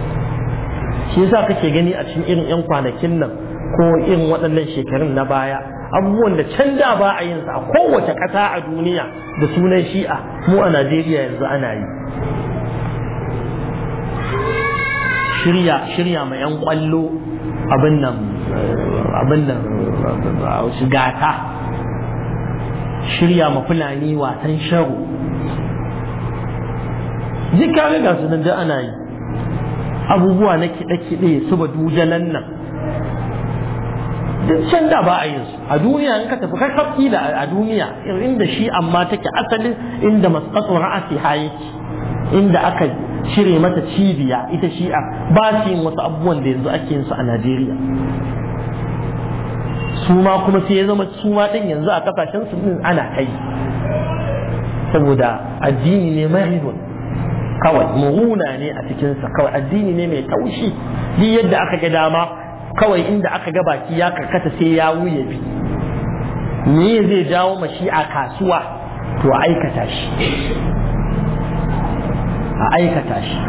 shi yasa kake gani a cikin irin yan kwanakin nan ko irin waɗannan shekarun na baya abubuwan da can da ba a yin sa a kowace ƙasa a duniya da sunan shi'a mu a Najeriya yanzu ana yi shirya shirya ma yan kwallo abin nan abin nan gata shirya ma fulani wasan shago duk kaga ga sunan da ana yi abubuwa na kiɗe-kiɗe su ba dujalan nan duk can da ba a yin su a duniya in ka tafi ka da a duniya inda shi amma take asalin inda masu ra'asi hayaki inda aka shirya mata cibiya ita shi'a ba su yin wasu abubuwan da yanzu ake yin su a najeriya su ma kuma sai ya zama su ma ɗin yanzu a kasashen su ɗin ana kai saboda addini ne mahidun kawai muhuna ne a cikinsa kawai addini ne mai taushi duk yadda aka ga dama kawai inda aka ga baki ya karkata sai ya wuye bi me zai jawo a kasuwa to aikata shi a aikata shi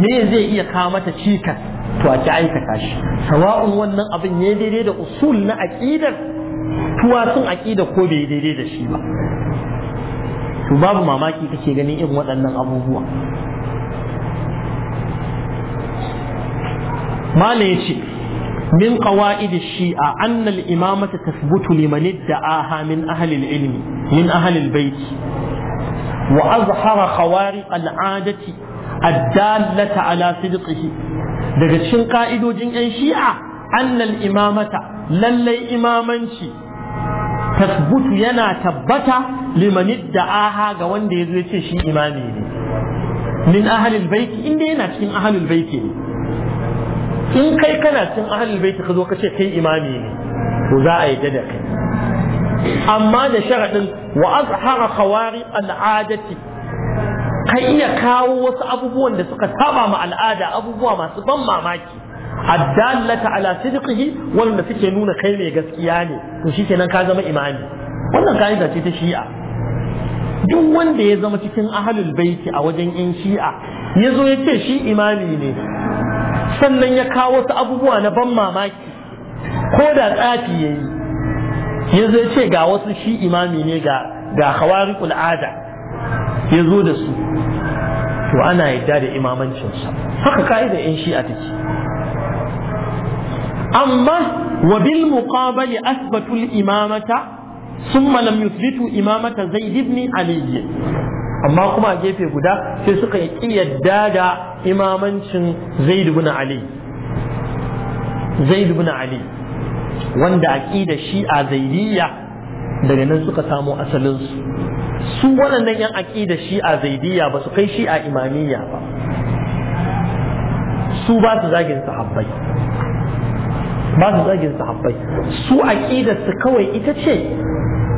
me zai iya kawo mata cikas to a ki aikata shi sawa'un wannan abin ya daidai da usul na aqidar sun aqida ko bai daidai da shi ba to babu mamaki kake ganin irin waɗannan abubuwa ma'la ya ce min qawaid shi'a anna al-imamata tathbutu liman idda'aha min ahli al-ilmi min ahli al-bayt wa azhara khawariq al-'adati ad-dallata ala daga cikin ka'idojin 'yan shi'a annal imamata lallai imamanci tasbutu yana tabbata limanid da aha ga wanda ya zo ce shi imami ne min ahalil baiti inda yana cikin ahalil baiti ne in kai kana cin ahalul baiti ka zo ka ce kai imami ne to za a yi da kai amma da sharaɗin wa azhara khawari al'adati ka iya kawo wasu abubuwan da suka saba ma al'ada abubuwa masu ban mamaki addalata ala sidqihi wanda suke nuna kai mai gaskiya ne to shikenan ka zama imami wannan kaida ce ta shi'a duk wanda ya zama cikin ahlul baiti a wajen yan shi'a ya zo ya ce shi imami ne sannan ya kawo wasu abubuwa na ban mamaki ko da tsafi yayi ya zo ya ce ga wasu shi imami ne ga ga khawariqul adah ya zo da su to ana yadda da imamancinsa haka ka'ida yan shi'a take amma wa bil muqabali asbatu al imamata thumma lam yuthbitu imamata zaid ibn ali amma kuma a gefe guda sai suka yi yadda da imamancin zaid ibn ali zaid ibn ali wanda aqida shi'a zaidiyya daga nan suka samo asalinsu. su waɗannan yan aƙida shi'a zaidiyya ba su kai shi a imaniya ba su ba su zagin sahabbai ba su zagin sahabbai su aƙidar su kawai ita ce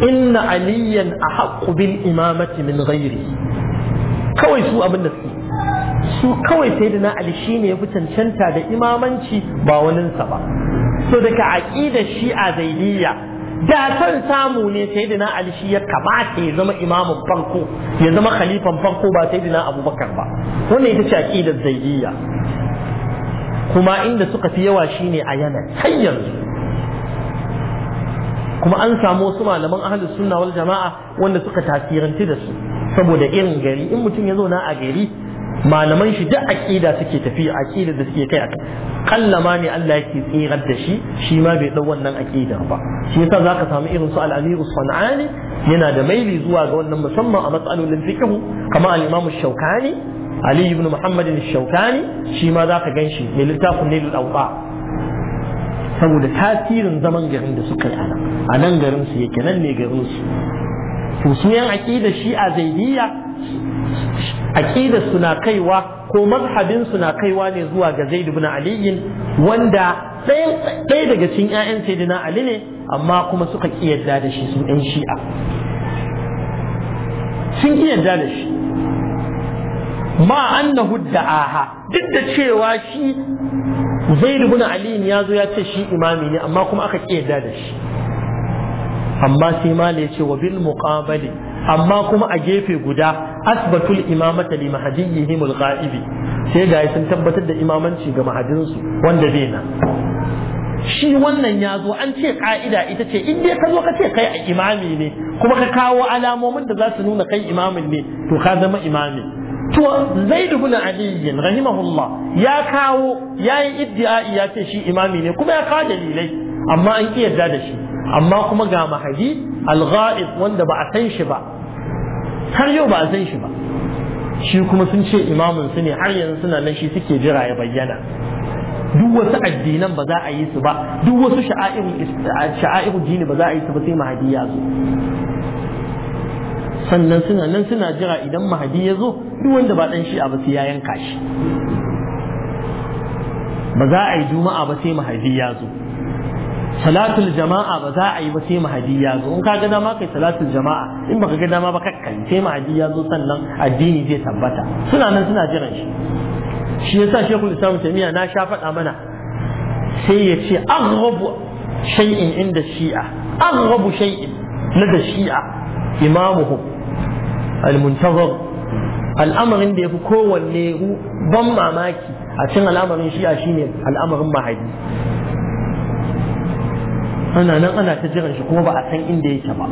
inna aliyan a haƙƙu bil imamati min ghairi kawai su abin da su su kawai sai da na ali shine ya fi cancanta da imamanci ba waninsa ba so daga shi a zaidiya. da san samu ne sayyidina ali shi ya kamata ya zama imamun farko ya zama khalifan farko ba sayyidina abubakar ba wannan ita ce aqidar zaidiyya kuma inda suka fi yawa shine a yanar har yanzu kuma an samu wasu malaman ahlus sunna wal jama'a wanda suka tasiranci da su saboda irin gari in mutum ya zo a gari malaman shi duk aƙida suke tafiya aqida da suke kai kallama ne Allah yake tsirar da shi shi ma bai dau wannan aqidar ba shi yasa zaka samu irin su al-Amir Sanani yana da maili zuwa ga wannan musamman a matsalolin fiqh kamar al-Imam Shawkani Ali ibn Muhammad al-Shawkani shi ma zaka ganshi ne littafin Nailul Awqa saboda tasirin zaman garin da suka yi a nan garin su yake nan ne garin su to su yan aqida shi'a zaidiyya aqida suna kaiwa ko mazhabin suna kaiwa ne zuwa ga zaid ibn ali wanda ɗaya daga cikin ƴaƴan sayyidina ali ne amma kuma suka kiyarda da shi su ɗan shi'a sun kiyarda da shi ma annahu da'aha duk da cewa shi zaid ibn ali ya zo ya ce shi imami ne amma kuma aka kiyarda da shi amma sai mala ce wa bil muqabali amma kuma a gefe guda asbatul imamata li mahadiyihim al-ghaibi sai ga sun tabbatar da imamanci ga mahadinsu wanda zai na shi wannan ya zo an ce ka'ida ita ce in dai ka zo ka ce kai imami ne kuma ka kawo alamomin da za su nuna kai imamin ne to ka zama imami to zaid ibn ali rahimahullah ya kawo yayi iddiai ya ce shi imami ne kuma ya kawo dalilai amma an ki yarda da shi amma kuma ga mahadi al-ghaib wanda ba a san shi ba har yau ba a san shi ba shi kuma sun ce imamun su ne har yanzu suna nan shi suke jira ya bayyana duk wasu addinan ba za a yi su ba duk wasu sha'a'irun dini ba za a yi su ba sai mahadi ya zo sannan suna nan suna jira idan mahadi ya zo duk wanda ba dan shi ba sai ya yanka shi ba za a yi juma'a ba sai mahadi ya zo salatul jama'a ba za a yi ba sai mahadi ya zo in ka ga dama kai salatul jama'a in baka ga dama ba kakkai sai mahadi ya zo sannan addini zai tabbata suna nan suna jiran shi shi yasa shekul islam miya na sha faɗa mana sai ya ce aghabu shay'in inda shi'a aghabu shay'in na da shi'a imamuhu al-muntazir al'amarin da yafi kowanne ban mamaki a cikin al'amarin shi'a shine al'amarin mahadi ana nan ana ta jiran shi kuma ba a san inda yake ba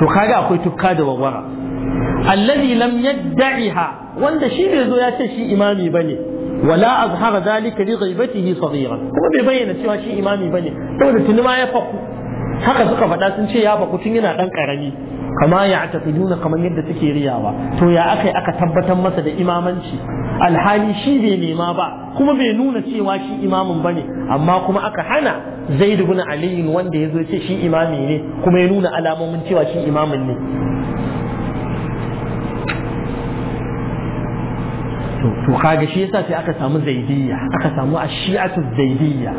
to kaga akwai tukka da wawara allazi lam yadda'iha wanda shi bai zo ya ce shi imami bane wala azhara zalika li ghaibatihi sadiran kuma bai bayyana cewa shi imami bane saboda tuni ma ya faku haka suka faɗa sun ce ya faku tun yana dan karami kama ya nuna kamar yadda suke riyawa to ya akai aka tabbatar masa da imamanci alhali shi bai nema ba kuma bai nuna cewa shi imamin bane amma kuma aka hana zaid ibn ali wanda yazo ce shi imami ne kuma ya nuna alamomin cewa shi imamin ne to kaga shi yasa sai aka samu zaidiyya aka samu ashi'atu zaidiyya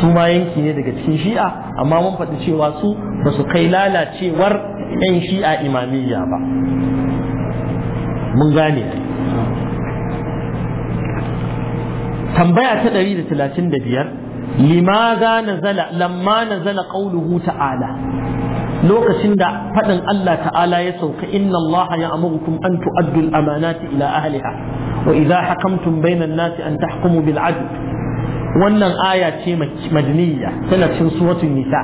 su ma yanki ne daga cikin shi'a amma mun faɗi cewa su basu kai lalacewar yan shi'a imamiyya ba mun gane tambaya ta 135 limaza nazala lamma nazala qauluhu ta'ala lokacin da faɗin Allah ta'ala ya sauka inna Allah ya amurkum an tu'addu al-amanati ila ahliha wa idza hakamtum bayna an an tahkumu bil adl wannan aya ce madaniyya tana cikin suratul nisa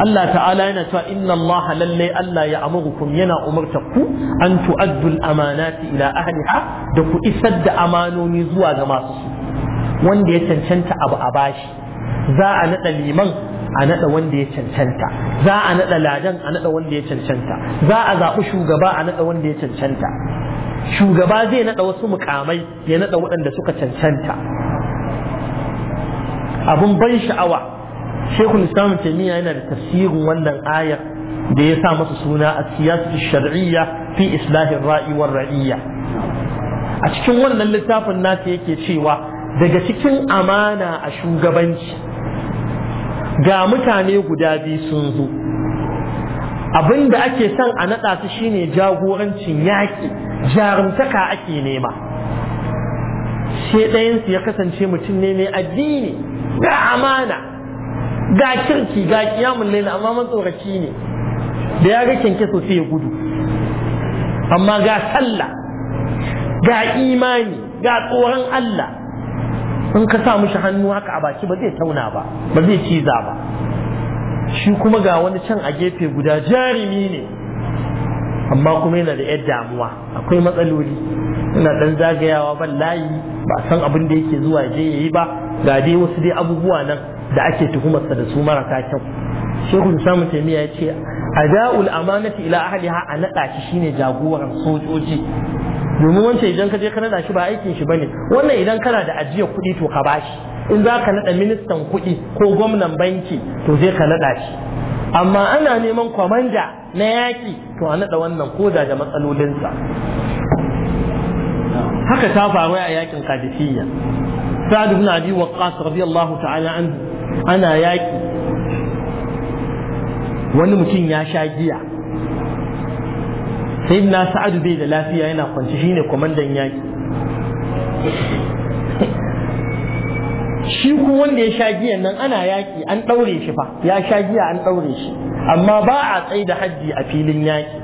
Allah ta'ala yana cewa inna Allah lalle Allah ya amurukum yana umarta ku an tu'addu al-amanati ila ahliha da ku isar da amanoni zuwa ga masu su wanda ya cancanta abu a bashi za a nada liman a nada wanda ya cancanta za a nada ladan a nada wanda ya cancanta za a zaɓi shugaba a nada wanda ya cancanta shugaba zai nada wasu mukamai ya nada waɗanda suka cancanta abun ban sha'awa shekul islam taimiyya yana da tafsirin wannan ayar da ya sa masa suna a siyasar shar'iyya fi islahin ra'i war ra'iyya a cikin wannan littafin nasa yake cewa daga cikin amana a shugabanci ga mutane guda biyu sun zo abin da ake son a naɗa su shine jagorancin yaki, jarumtaka ake nema sai ɗayansu ya kasance mutum ne mai addini ga amana ga kirki ga kiyamun laila amma matsoraci ne da ya ga kyanke sai ya gudu amma ga sallah ga imani ga tsoron Allah in ka sa mishi hannu haka a baki ba zai tauna ba ba zai ciza ba shi kuma ga wani can a gefe guda jarumi ne amma kuma yana da yar damuwa akwai matsaloli ina dan zagayawa ban layi ba san abin da yake zuwa je yayi ba ga dai wasu dai abubuwa nan da ake tuhumarsa da su marasa kyau shekul samun taimiyya ya ce ada'ul amanati ila ahliha a naɗa shi shine jagoran sojoji domin wancan idan ka je ka naɗa shi ba aikin shi bane wannan idan kana da ajiyar kuɗi to ka bashi in za ka naɗa ministan kuɗi ko gwamnan banki to zai ka naɗa shi amma ana neman kwamanda na yaƙi to a naɗa wannan koda da matsalolinsa haka ta faru a yakin kadisiyya sa'ad ibn abi waqqas radiyallahu ta'ala anhu ana yaƙi wani mutum ya sha giya sai na sa'adu bai da lafiya yana kwanci shine kwamandan yaƙi shi kuma wanda ya sha giya nan ana yaƙi an ɗaure shi fa ya sha giya an ɗaure shi amma ba a tsaye da hajji a filin yaƙi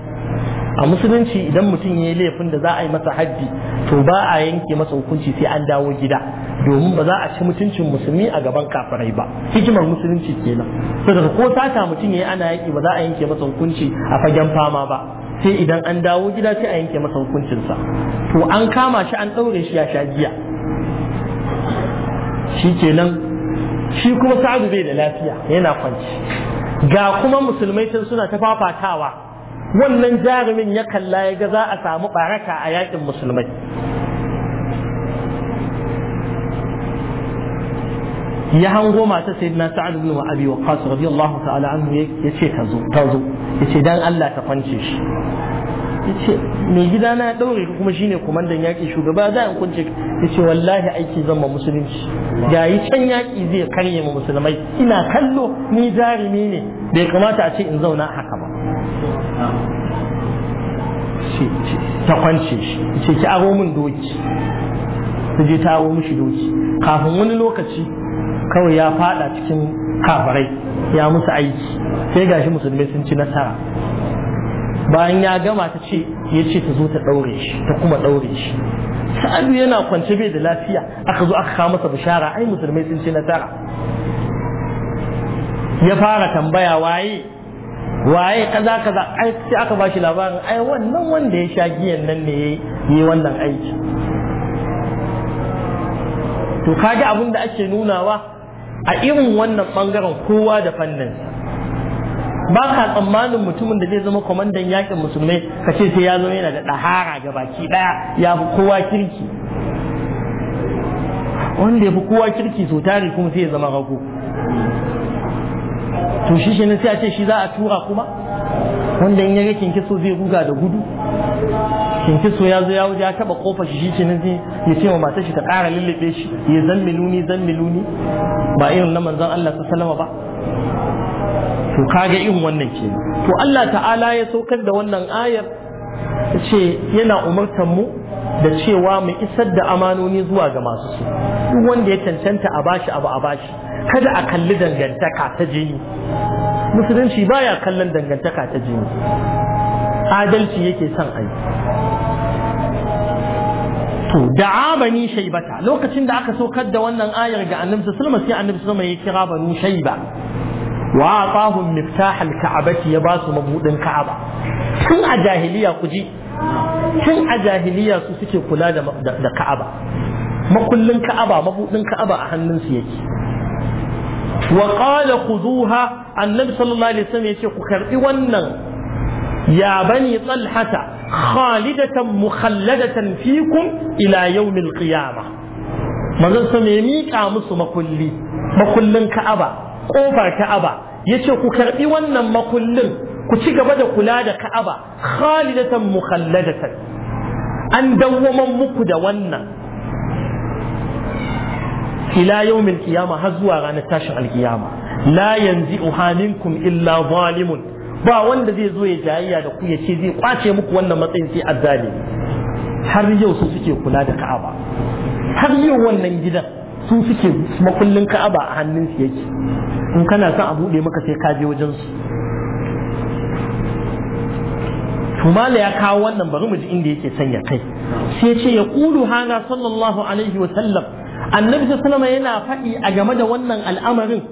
a musulunci idan mutum ya yi laifin da za a yi masa hajji to ba a yanke masa hukunci sai an dawo gida domin ba za a ci mutuncin musulmi a gaban kafirai ba hikimar musulunci kenan da ko sata mutum yayi ana yaki ba za a yanke masa hukunci a fagen fama ba sai idan an dawo gida sai a yanke masa sa to an kama shi an ɗaure shi ya sha giya shi kenan shi kuma sa'adu bai da lafiya yana kwanci ga kuma musulmai sun suna ta fafatawa wannan jarumin ya kalla ya ga za a samu baraka a yakin musulmai ya hango mata sayyidina sa'ad ibn abi waqqas radiyallahu ta'ala anhu yace ta zo ta zo yace dan Allah ta kwance shi yace me gida na daure kuma shine komandan yaki shugaba za in kunce yace wallahi aiki zan ma musulunci yayi can yaki zai karye ma musulmai ina kallo ni jarumi ne bai kamata a ce in zauna haka ba ta kwance shi ce ki aro min doki su je ta aro mishi doki kafin wani lokaci kawai ya fada cikin kafirai ya musu aiki sai gashi musulmai sun ci nasara bayan ya gama ta ce ya ce ta zo ta ɗaure shi ta kuma ɗaure shi sa'adu yana kwance bai da lafiya aka zo aka kawo masa bishara ai musulmai sun ci nasara ya fara tambaya waye waye kaza kaza ai sai aka ba shi labarin ai wannan wanda ya sha giyan nan ne yi wannan aiki to kage abin da ake nunawa a irin wannan bangaren kowa da fannin ba ka tsammanin mutumin da zai zama kwamandan yakin musulmai ka ce sai ya zama yana da ɗahara ga baki ɗaya ya fi kowa kirki wanda ya fi kowa kirki so tare kuma sai ya zama rago to shi shi sai a ce shi za a tura kuma wanda in ya rikin kiso zai ruga da gudu so ya zo ya wuce ya taba kofa shi shi zai ya ce wa matar shi ta ƙara lullube shi ya zammiluni zammiluni ba irin na manzon Allah ta salama ba to kaga irin wannan ke to Allah ta'ala ya saukar da wannan ayar ta ce yana umartan mu da cewa mu isar da amanoni zuwa ga masu su duk wanda ya cancanta a bashi abu a bashi kada a kalli dangantaka ta jini musulunci baya kallon dangantaka ta jini adalci yake son aiki to da'a bani shaibata lokacin da aka saukar da wannan ayar ga annabi sallallahu alaihi wasallam sai annabi sallallahu alaihi wasallam ya kira banu shaiba wa atahum miftah al-ka'bati ya basu mabudin ka'aba tun a jahiliya ku kuji tun a jahiliya su suke kula da da ka'aba makullin ka'aba mabudin ka'aba a hannunsu yake wa qala khuduha annabi sallallahu alaihi wasallam yace ku karbi wannan Ya bani طلحة خالدة مخلدة فيكم إلى يوم القيامة manzon sa mai miƙa musu makulli makullin ka'aba ƙofar ka'aba yace ku karɓi wannan makullin ku ci gaba da kula da ka'aba khalidatan mukhalladatan an dawwaman muku da wannan ila yawmin qiyama har zuwa ranar tashin alkiyama na yanzi'uha minkum illa zalimun ba wanda zai zo ya jayayya da ku ya ce zai kwace muku wannan matsayin sai azzalimi har yau su suke kula da ka'aba har yau wannan gidan su suke makullin ka'aba a hannun su yake in kana son a buɗe maka sai ka je wajen su tumala ya kawo wannan bari mu ji inda yake sanya kai sai ce ya kulu hana sallallahu alaihi wa sallam annabi sallallahu yana faɗi a game da wannan al'amarin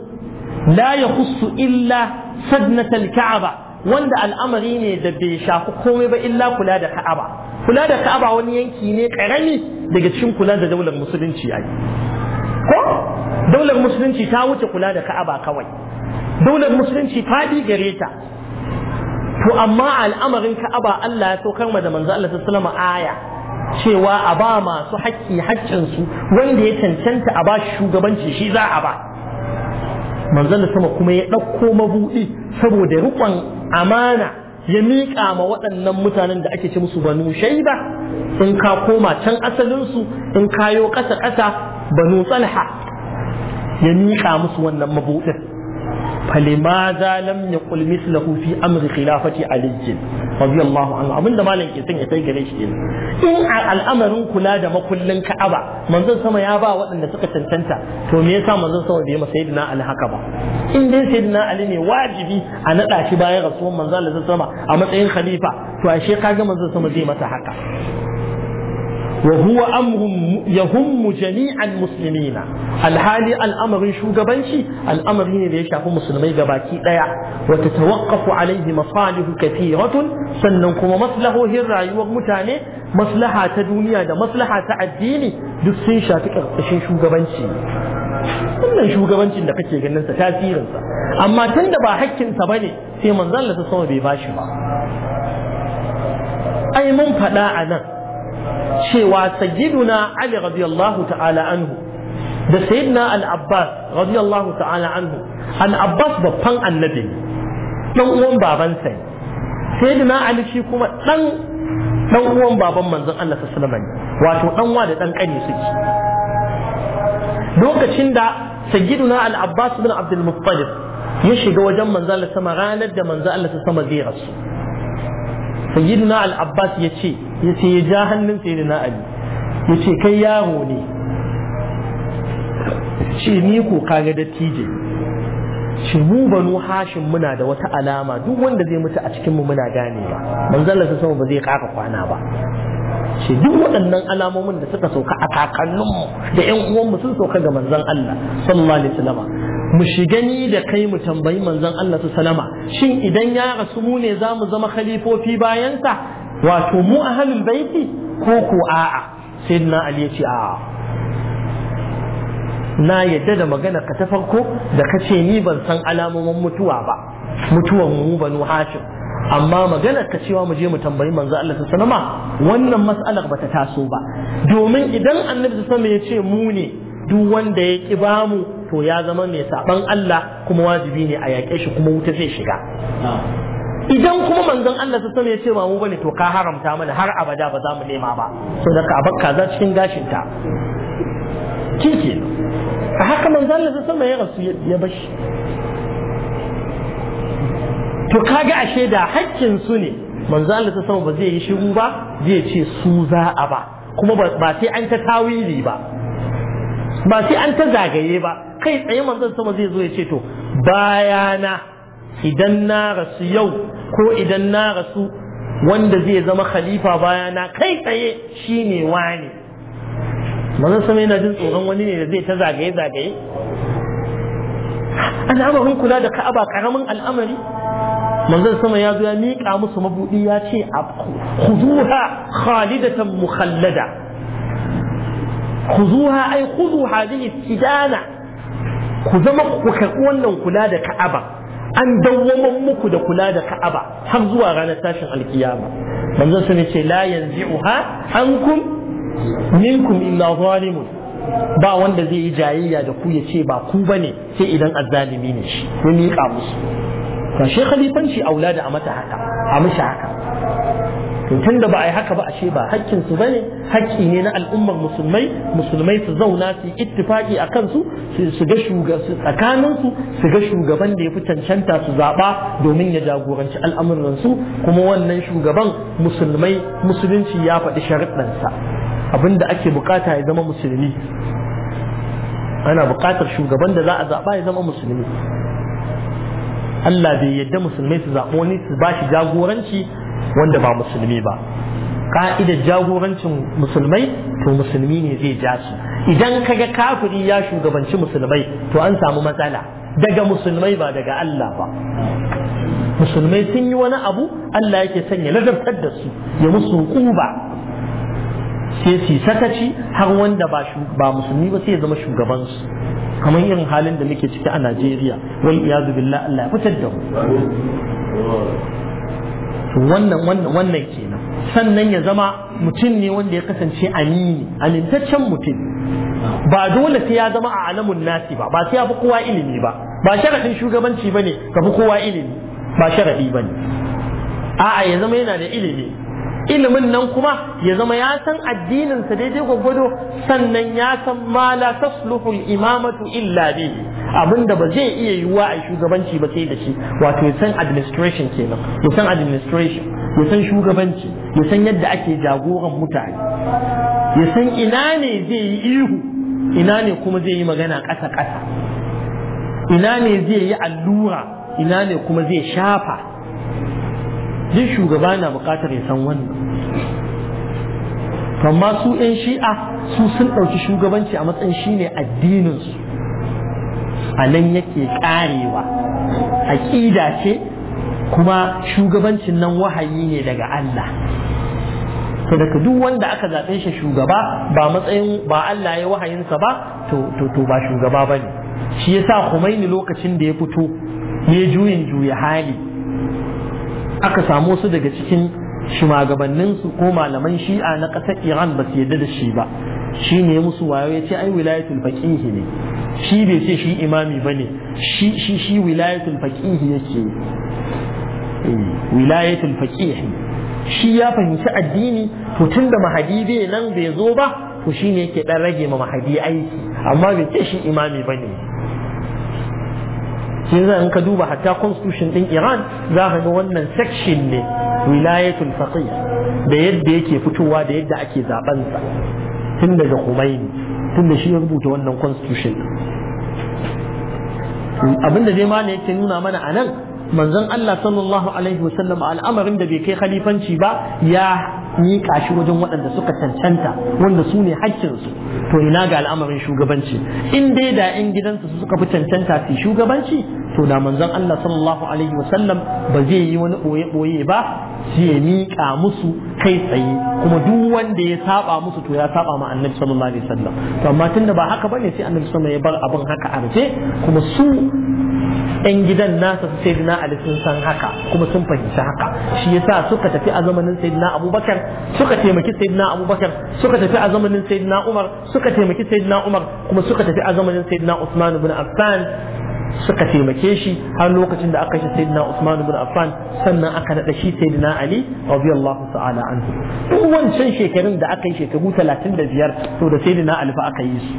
la ya illa sadnatal ka'aba wanda al'amari ne da bai shafi komai ba illa kula da ka'aba kula da ka'aba wani yanki ne karami daga cikin kula da daular musulunci yayi ko daular musulunci ta wuce kula da ka'aba kawai daular musulunci ta bi gare ta to amma al'amarin ka'aba Allah ya saukar ma da manzo Allah sallallahu aya cewa a ba masu haƙƙi haƙƙinsu wanda ya cancanta a ba shugabanci shi za a ba manzon da sama kuma ya ɗauko mabuɗi saboda riƙon amana ya miƙa ma waɗannan mutanen da ake ci musu banu shaida in ka koma can asalinsu in kayo ƙasa ƙasa banu tsalha ya miƙa musu wannan mabuɗin فلماذا لم يقل مثله في امر خلافه علي رضي الله عنه abinda malam ke son ya kai gare shi in al'amarin kula da makullin Ka'aba manzon sama ya ba waɗanda suka cancanta to me yasa manzon sama bai masa sayyidina Ali haka ba in dai sayyidina Ali ne wajibi a nada shi bayan rasuwan manzon Allah sama a matsayin khalifa to ashe kaga manzon sama zai masa haka وهو أمر يهم جميع المسلمين الحالي الأمر شوغبانشي الأمر يشاف مسلمي جباكي لا وتتوقف عليه مصالح كثيرة سننكم مصلحه الرعي ومتاني مصلحة دنيا دا مصلحة الدين دسين شاتك أغتشين شوغبانشي wannan shugabancin da kake ganin sa tasirinsa amma tun da ba hakkinsa bane sai manzon Allah ta sama bai bashi ba ai mun faɗa a nan cewa sayyiduna ali radiyallahu ta'ala anhu da Sayyiduna al-abbas radiyallahu ta'ala anhu al-abbas babban annabi dan uwan baban sai Sayyiduna ali shi kuma dan dan uwan baban manzon Allah sallallahu alaihi wasallam wato dan wa da dan kane suke lokacin da sayyiduna al-abbas bin abdul muttalib ya shiga wajen manzon Allah sama ranar da manzon Allah sama zai rasu sayyidina al-abbas ya ce ya ce ya hannun sayyidina ali ya ce kai yaro ne ce ko kaga dattije ce mu banu hashin muna da wata alama duk wanda zai mutu a cikin mu muna gane ba manzon sa sama ba zai kaka kwana ba ce duk waɗannan alamomin da suka sauka a kakanninmu da 'yan uwanmu sun sauka ga manzon Allah sallallahu alaihi wasallam mu shiga ni da kai mu tambayi manzon Allah ta salama shin idan ya rasu mu ne za mu zama khalifofi bayansa wato mu ahlul baiti ko ko a'a sayyidina ali ya ce a'a na yadda da magana ka ta farko da ka ce ni ban san alamomin mutuwa ba mutuwan mu banu hashim amma maganar ka cewa mu je mu tambayi manzo Allah ta sanama wannan mas'alar bata taso ba domin idan annabi sallallahu ya ce mu ne duk wanda ya ki bamu to ya zama mai saban Allah kuma wajibi ne a yaƙe shi kuma wuta zai shiga idan kuma manzon Allah su sama ya ce ba mu bane to ka haramta mana har abada ba za mu nema ba so da ka za cikin gashin ta kike a haka manzon Allah su sama ya rasu ya bashi to kaga ashe da hakkin su ne manzon Allah su sama ba zai yi shiru ba zai ce su za a ba kuma ba sai an ta tawili ba ba sai an ta zagaye ba kai tsaye manzon sama zai zo ya ce to bayana idan na rasu yau ko idan na rasu wanda zai zama khalifa bayana kai tsaye shine wani manzon sama yana jin tsoron wani ne da zai ta zagaye zagaye al'amarin kula da ka'aba karamin al'amari manzon sama ya zo ya miƙa musu mabuɗi ya ce khudura khalidatan mukhallada khuzuha ai khudhu hadhihi istidana ku zama ku karɓi wannan kula da Ka'aba an dawwamar muku da kula da Ka'aba har zuwa ranar tashin alkiyama manzon su ne ce la yanzi'uha ankum minkum illa zalimun ba wanda zai yi jayayya da ku ya ce ba ku bane sai idan azzalimi ne shi ya miƙa musu ba shi khalifanci aulada a mata haka a haka to tun da ba a yi haka ba ashe ba hakkin su bane hakki ne na al'ummar musulmai musulmai su zauna su yi ittifaki a kansu su ga su tsakanin su ga shugaban da ya fi cancanta su zaba domin ya jagoranci al'amuran kuma wannan shugaban musulmai musulunci ya faɗi Abin abinda ake bukata ya zama musulmi ana bukatar shugaban da za a zaba ya zama musulmi Allah bai yadda musulmai su zaɓo ni su ba shi jagoranci wanda ba musulmi ba ka'idar jagorancin musulmai to musulmi ne zai ja su idan kaga kafiri ya shugabanci musulmai to an samu matsala daga musulmai ba daga Allah ba musulmai sun yi wani abu Allah yake sanya ladabtar da su ya musu hukuma sai su sakaci har wanda ba ba musulmi ba sai ya zama shugaban su kamar irin halin da muke ciki a Najeriya wai ya billah Allah ya fitar da mu wannan wannan wannan kenan sannan ya zama mutum ne wanda ya kasance amini alintaccen mutum ba dole sai ya zama a alamun nasi ba ba sai ya fi kowa ilimi ba ba sharaɗin shugabanci bane ka fi kowa ilimi ba sharaɗi bane a'a ya zama yana da ilimi ilimin nan kuma ya zama ya san addinin sa daidai gwaggwado sannan ya san ma la imamatu illa bihi Abin da ba zai iya yiwuwa a shugabanci ba sai da shi wato ya san administration kenan ya san administration ya san shugabanci ya san yadda ake jagoran mutane ya san ina ne zai yi ihu ina ne kuma zai yi magana ƙasa ƙasa ina ne zai yi allura ina ne kuma zai shafa duk shugaba na buƙatar ya san wannan amma su 'yan shi'a su sun ɗauki shugabanci a matsayin shine addininsu a nan yake karewa aƙida ce kuma shugabancin nan wahayi ne daga Allah daga duk wanda aka zaɓe shi shugaba ba matsayin ba Allah ya wahayinsa ba to to ba shugaba ba ne shi yasa Khomeini lokacin da ya fito ya juyin juya hali aka samu su daga cikin shugabannin su ko malaman shi'a na ƙasar Iran ba su yarda da shi ba shi ne musu wayo ya ce ai wilayatul faqih ne shi bai ce shi imami ba ne shi wilayatul faqihi yake eh, wilayatul shi ya fahimci addini to tunda mahadi bai nan bai zo ba to shine yake ɗan rage ma mahadi aiki amma bai ce shi imami ba ne yanzu in ka duba hatta constitution ɗin Iran za ka ga wannan section ne wilayatul faqih da yadda yake fitowa da yadda ake zaɓensa sa tun daga Khomeini tun da shi ya rubuta wannan constitution abinda dai ma ne yake nuna mana a nan manzon Allah sallallahu alaihi wasallam al'amarin da bai kai khalifanci ba ya miƙa shi wajen waɗanda suka cancanta wanda su ne haƙƙinsu to ina ga al'amarin shugabanci in dai da in gidansu suka fi cancanta su shugabanci to da manzon Allah sallallahu alaihi wasallam ba zai yi wani ɓoye-ɓoye ba sai ya miƙa musu kai tsaye kuma duk wanda ya saba musu to ya saba ma annabi sallallahu alaihi wasallam to amma tunda ba haka bane sai annabi sallallahu alaihi wasallam ya bar abin haka arje kuma su 'yan gidan nasa su sayyidina ali sun san haka kuma sun fahimci haka shi yasa suka tafi a zamanin sayyidina abubakar suka taimaki sayyidina abubakar suka tafi a zamanin sayyidina umar suka taimaki sayyidina umar kuma suka tafi a zamanin sayyidina usman ibn affan suka taimake shi har lokacin da aka shi sayyidina Usman ibn Affan sannan aka nada shi sayyidina Ali radiyallahu ta'ala anhu duk wancan shekarun da aka yi shekaru 35 to da sayyidina Ali fa aka yi su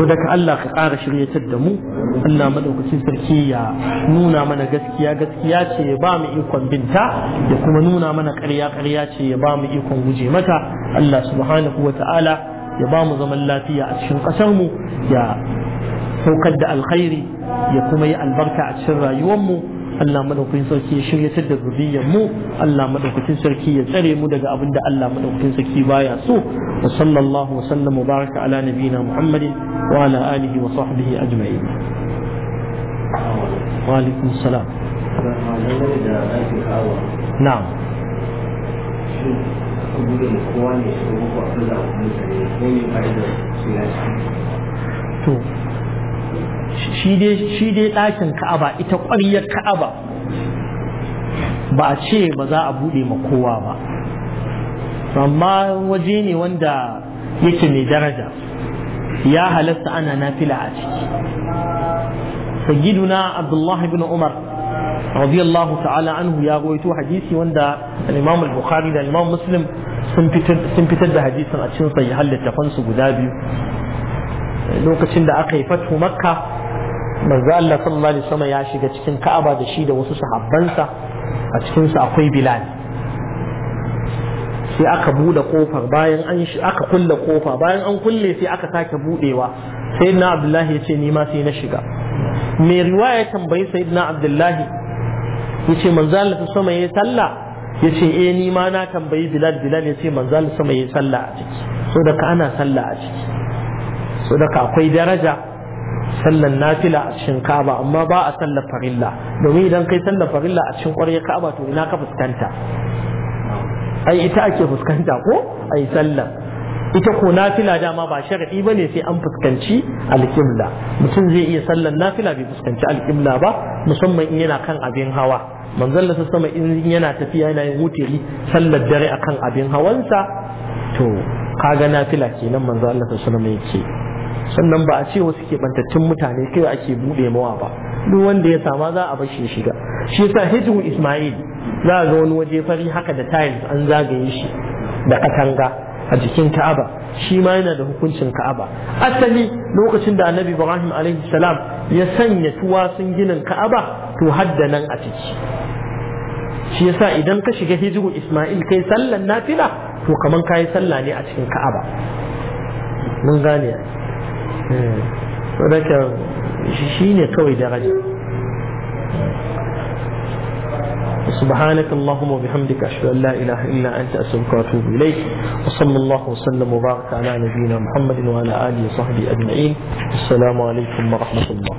da ka Allah ka ƙara shiryatar da mu Allah madaukakin sarki ya nuna mana gaskiya gaskiya ce ya ba mu ikon binta ya kuma nuna mana ƙarya ƙarya ce ya ba mu ikon guje mata Allah subhanahu wa ta'ala ya ba mu zaman lafiya a cikin ƙasar mu ya saukar da alkhairi ya kuma yi albarka a cikin rayuwar mu Allah madaukakin sarki ya shiryatar da zuriyar mu Allah madaukakin sarki ya tsare mu daga abin da Allah madaukakin sarki baya so wa sallallahu wa sallam baraka ala nabiyina Muhammadin wa ala alihi wa sahbihi ajma'in wa alaikum salam na'am to shi dai shi dai ɗakin ka'aba ita ƙwaryar ka'aba ba a ce ba za a buɗe ma kowa ba amma waje ne wanda yake mai daraja ya halasta ana nafila a ciki sayyiduna abdullahi bin umar radiyallahu ta'ala anhu ya rawaito hadisi wanda al-imam al-bukhari da al-imam muslim sun fitar da hadisin a cikin sahih littafan su guda biyu lokacin da aka yi fatu makka manzo Allah sallallahu alaihi wasallam ya shiga cikin Ka'aba da shi da wasu sahabbansa a cikin su akwai Bilal sai aka bude kofar bayan an aka kulle kofa bayan an kulle sai aka sake budewa sayyidina Abdullahi yace ni ma sai na shiga mai riwaya tambayi sayyidina Abdullahi yace manzo Allah sallallahu alaihi wasallam ya sallah yace eh ni ma na tambayi Bilal Bilal yace manzo Allah sallallahu alaihi wasallam ya sallah a ciki so da ka ana sallah a ciki so da ka akwai daraja sallan nafila a cikin kaba amma ba a sallar farilla domin idan kai sallar farilla a cikin ƙwarya kaba to ina ka fuskanta ai ita ake fuskanta ko ai sallar ita ko nafila dama ba sharadi ba ne sai an fuskanci alƙibla mutum zai iya sallar nafila bai fuskanci alƙibla ba musamman in yana kan abin hawa manzon lasa sama in yana tafiya yana yin wutiri sallar dare akan abin hawansa to kaga nafila kenan manzon Allah sallallahu alaihi wasallam yake sannan ba a ce wasu ke keɓantattun mutane kai ake buɗe mawa ba duk wanda ya sama za a bashi shiga shi yasa hijiru ismail za a ga wani waje fari haka da tiles an zagaye shi da katanga a jikin ka'aba shi ma yana da hukuncin ka'aba asali lokacin da annabi ibrahim alaihi salam ya sanya sun ginin ka'aba to hadda nan a ciki shi yasa idan ka shiga hijiru ismail kai sallan nafila to kaman kayi sallah ne a cikin ka'aba mun gane saboda shi ne kawai daraja سبحانك اللهم وبحمدك أشهد أن لا إله إلا أنت أستغفرك وأتوب إليك وصلى الله وسلم وبارك على نبينا محمد وعلى آله وصحبه أجمعين السلام عليكم ورحمة الله